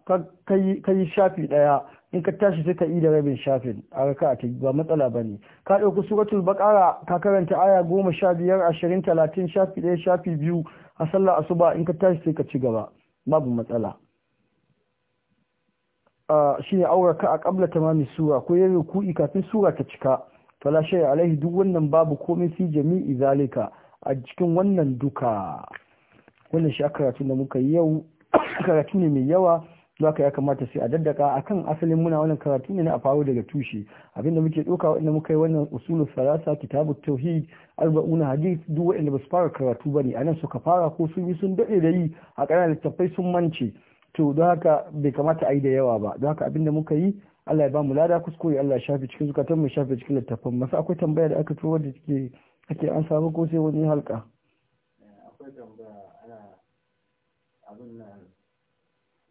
A: ka yi shafi ɗaya in ka tashi sai ka yi da rabin shafin a raka ta ba matsala ba ne ka ɗauko suratul bakara ka karanta aya goma sha biyar ashirin talatin shafi ɗaya shafi biyu a sallar asuba in ka tashi sai ka ci gaba babu matsala shi ne ka a ƙabla tamami sura ko yin ruku'i kafin sura ta cika fala shayar alaihi duk wannan babu komai fi jami'i zalika a cikin wannan duka wannan shi karatu da muka yi yau karatu ne mai yawa za ka ya kamata sai a daddaka akan asalin muna wannan karatu ne na a faru daga tushe abinda muke ɗauka waɗanda muka yi wannan usulul sarasa kitabu tauhid arba'una hadith duk waɗanda ba su fara karatu ba ne a nan suka fara ko sun yi sun daɗe da yi a ƙananan littattafai sun mance to don haka bai kamata a yi da yawa ba don haka abinda muka yi Allah ya ba mu lada kuskure Allah ya shafe cikin zukatan mu shafe cikin littattafan masu akwai tambaya da aka turo da take ake an samu ko sai wani halka eh, abin nan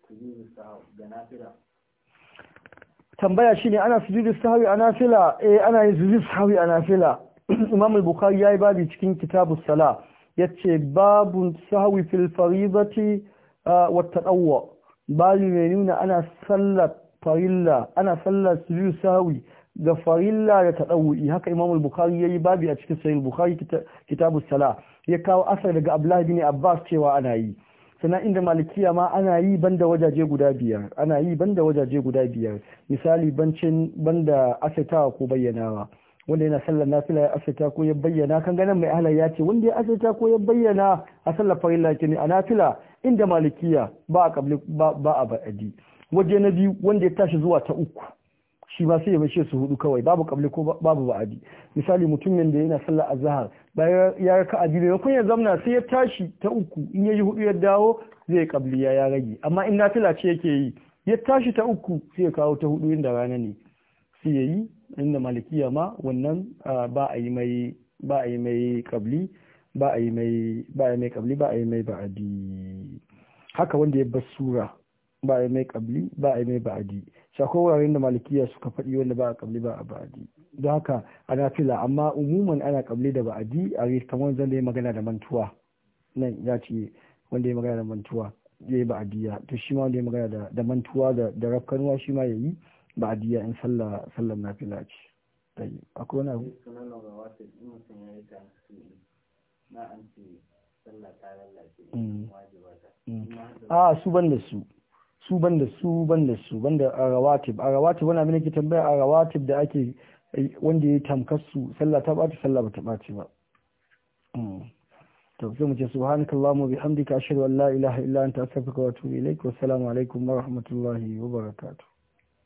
A: sujudu sahawi ga nafila tambaya shine ana sujudu sahawi a nafila eh ana yin sujudu sahawi a nafila imam al-bukhari yayi babi cikin kitabus sala yace babun sahawi fil faridati wa tadawwu bali mai nuna ana sallar farilla ana sallar sujudu sahawi ga farilla da tadawwi haka imam al-bukhari yayi babi a cikin sahih al-bukhari kitabus sala ya kawo asar daga abdullah bin abbas cewa ana yi sannan inda malikiya ma ana yi banda wajaje guda biyar ana yi banda wajaje guda biyar misali bancin banda asetawa ko bayyanawa wanda yana sallar nafila ya aseta ko ya bayyana kan ganin mai ahlar ya ce wanda ya aseta ko ya bayyana a sallar farilla ne a nafila inda malikiya ba a kabli ba a ba'adi waje na biyu wanda ya tashi zuwa ta uku shi ma sai ya bashe su hudu kawai babu kabli ko babu ba'adi misali mutumin da yana sallar azhar bayan ya raka a biyu kun ya zamna sai ya tashi ta uku in yayi hudu ya dawo zai kabli ya rage amma in nafila ce yake yi ya tashi ta uku sai ya kawo ta hudu inda rana ne sai ya yi inda malikiya ma wannan ba a yi mai ba a yi mai kabli ba a yi mai ba a yi mai kabli ba a yi mai ba'adi haka wanda ya bar sura ba a yi mai kabli ba a yi mai ba'adi shako wuraren da malikiya suka faɗi wanda ba a ƙabli ba a ba'adi don haka ana fila amma umuman ana ƙabli da ba'adi a rai kamar zan ya magana da mantuwa nan ya ce wanda ya magana da mantuwa ya yi ba'adiyya to shi ma wanda ya magana da mantuwa da rafkanuwa shi ma ya yi ba'adiyya in sallah sallar nafila ce tayi akwai wani abu a mm. mm. ah, su ban da su su ban da su ban da su ban da arawatib arawatib wani abin da ke tambaya arawatib da ake wanda ya tamkar su sallah ta bata sallah ba ta ɓaci ba hmm. to sai mu ce subhanakallahu wa bihamdika ashhadu an la ilaha illa anta astaghfiruka wa atubu ilaik wa assalamu alaikum wa rahmatullahi wa barakatuh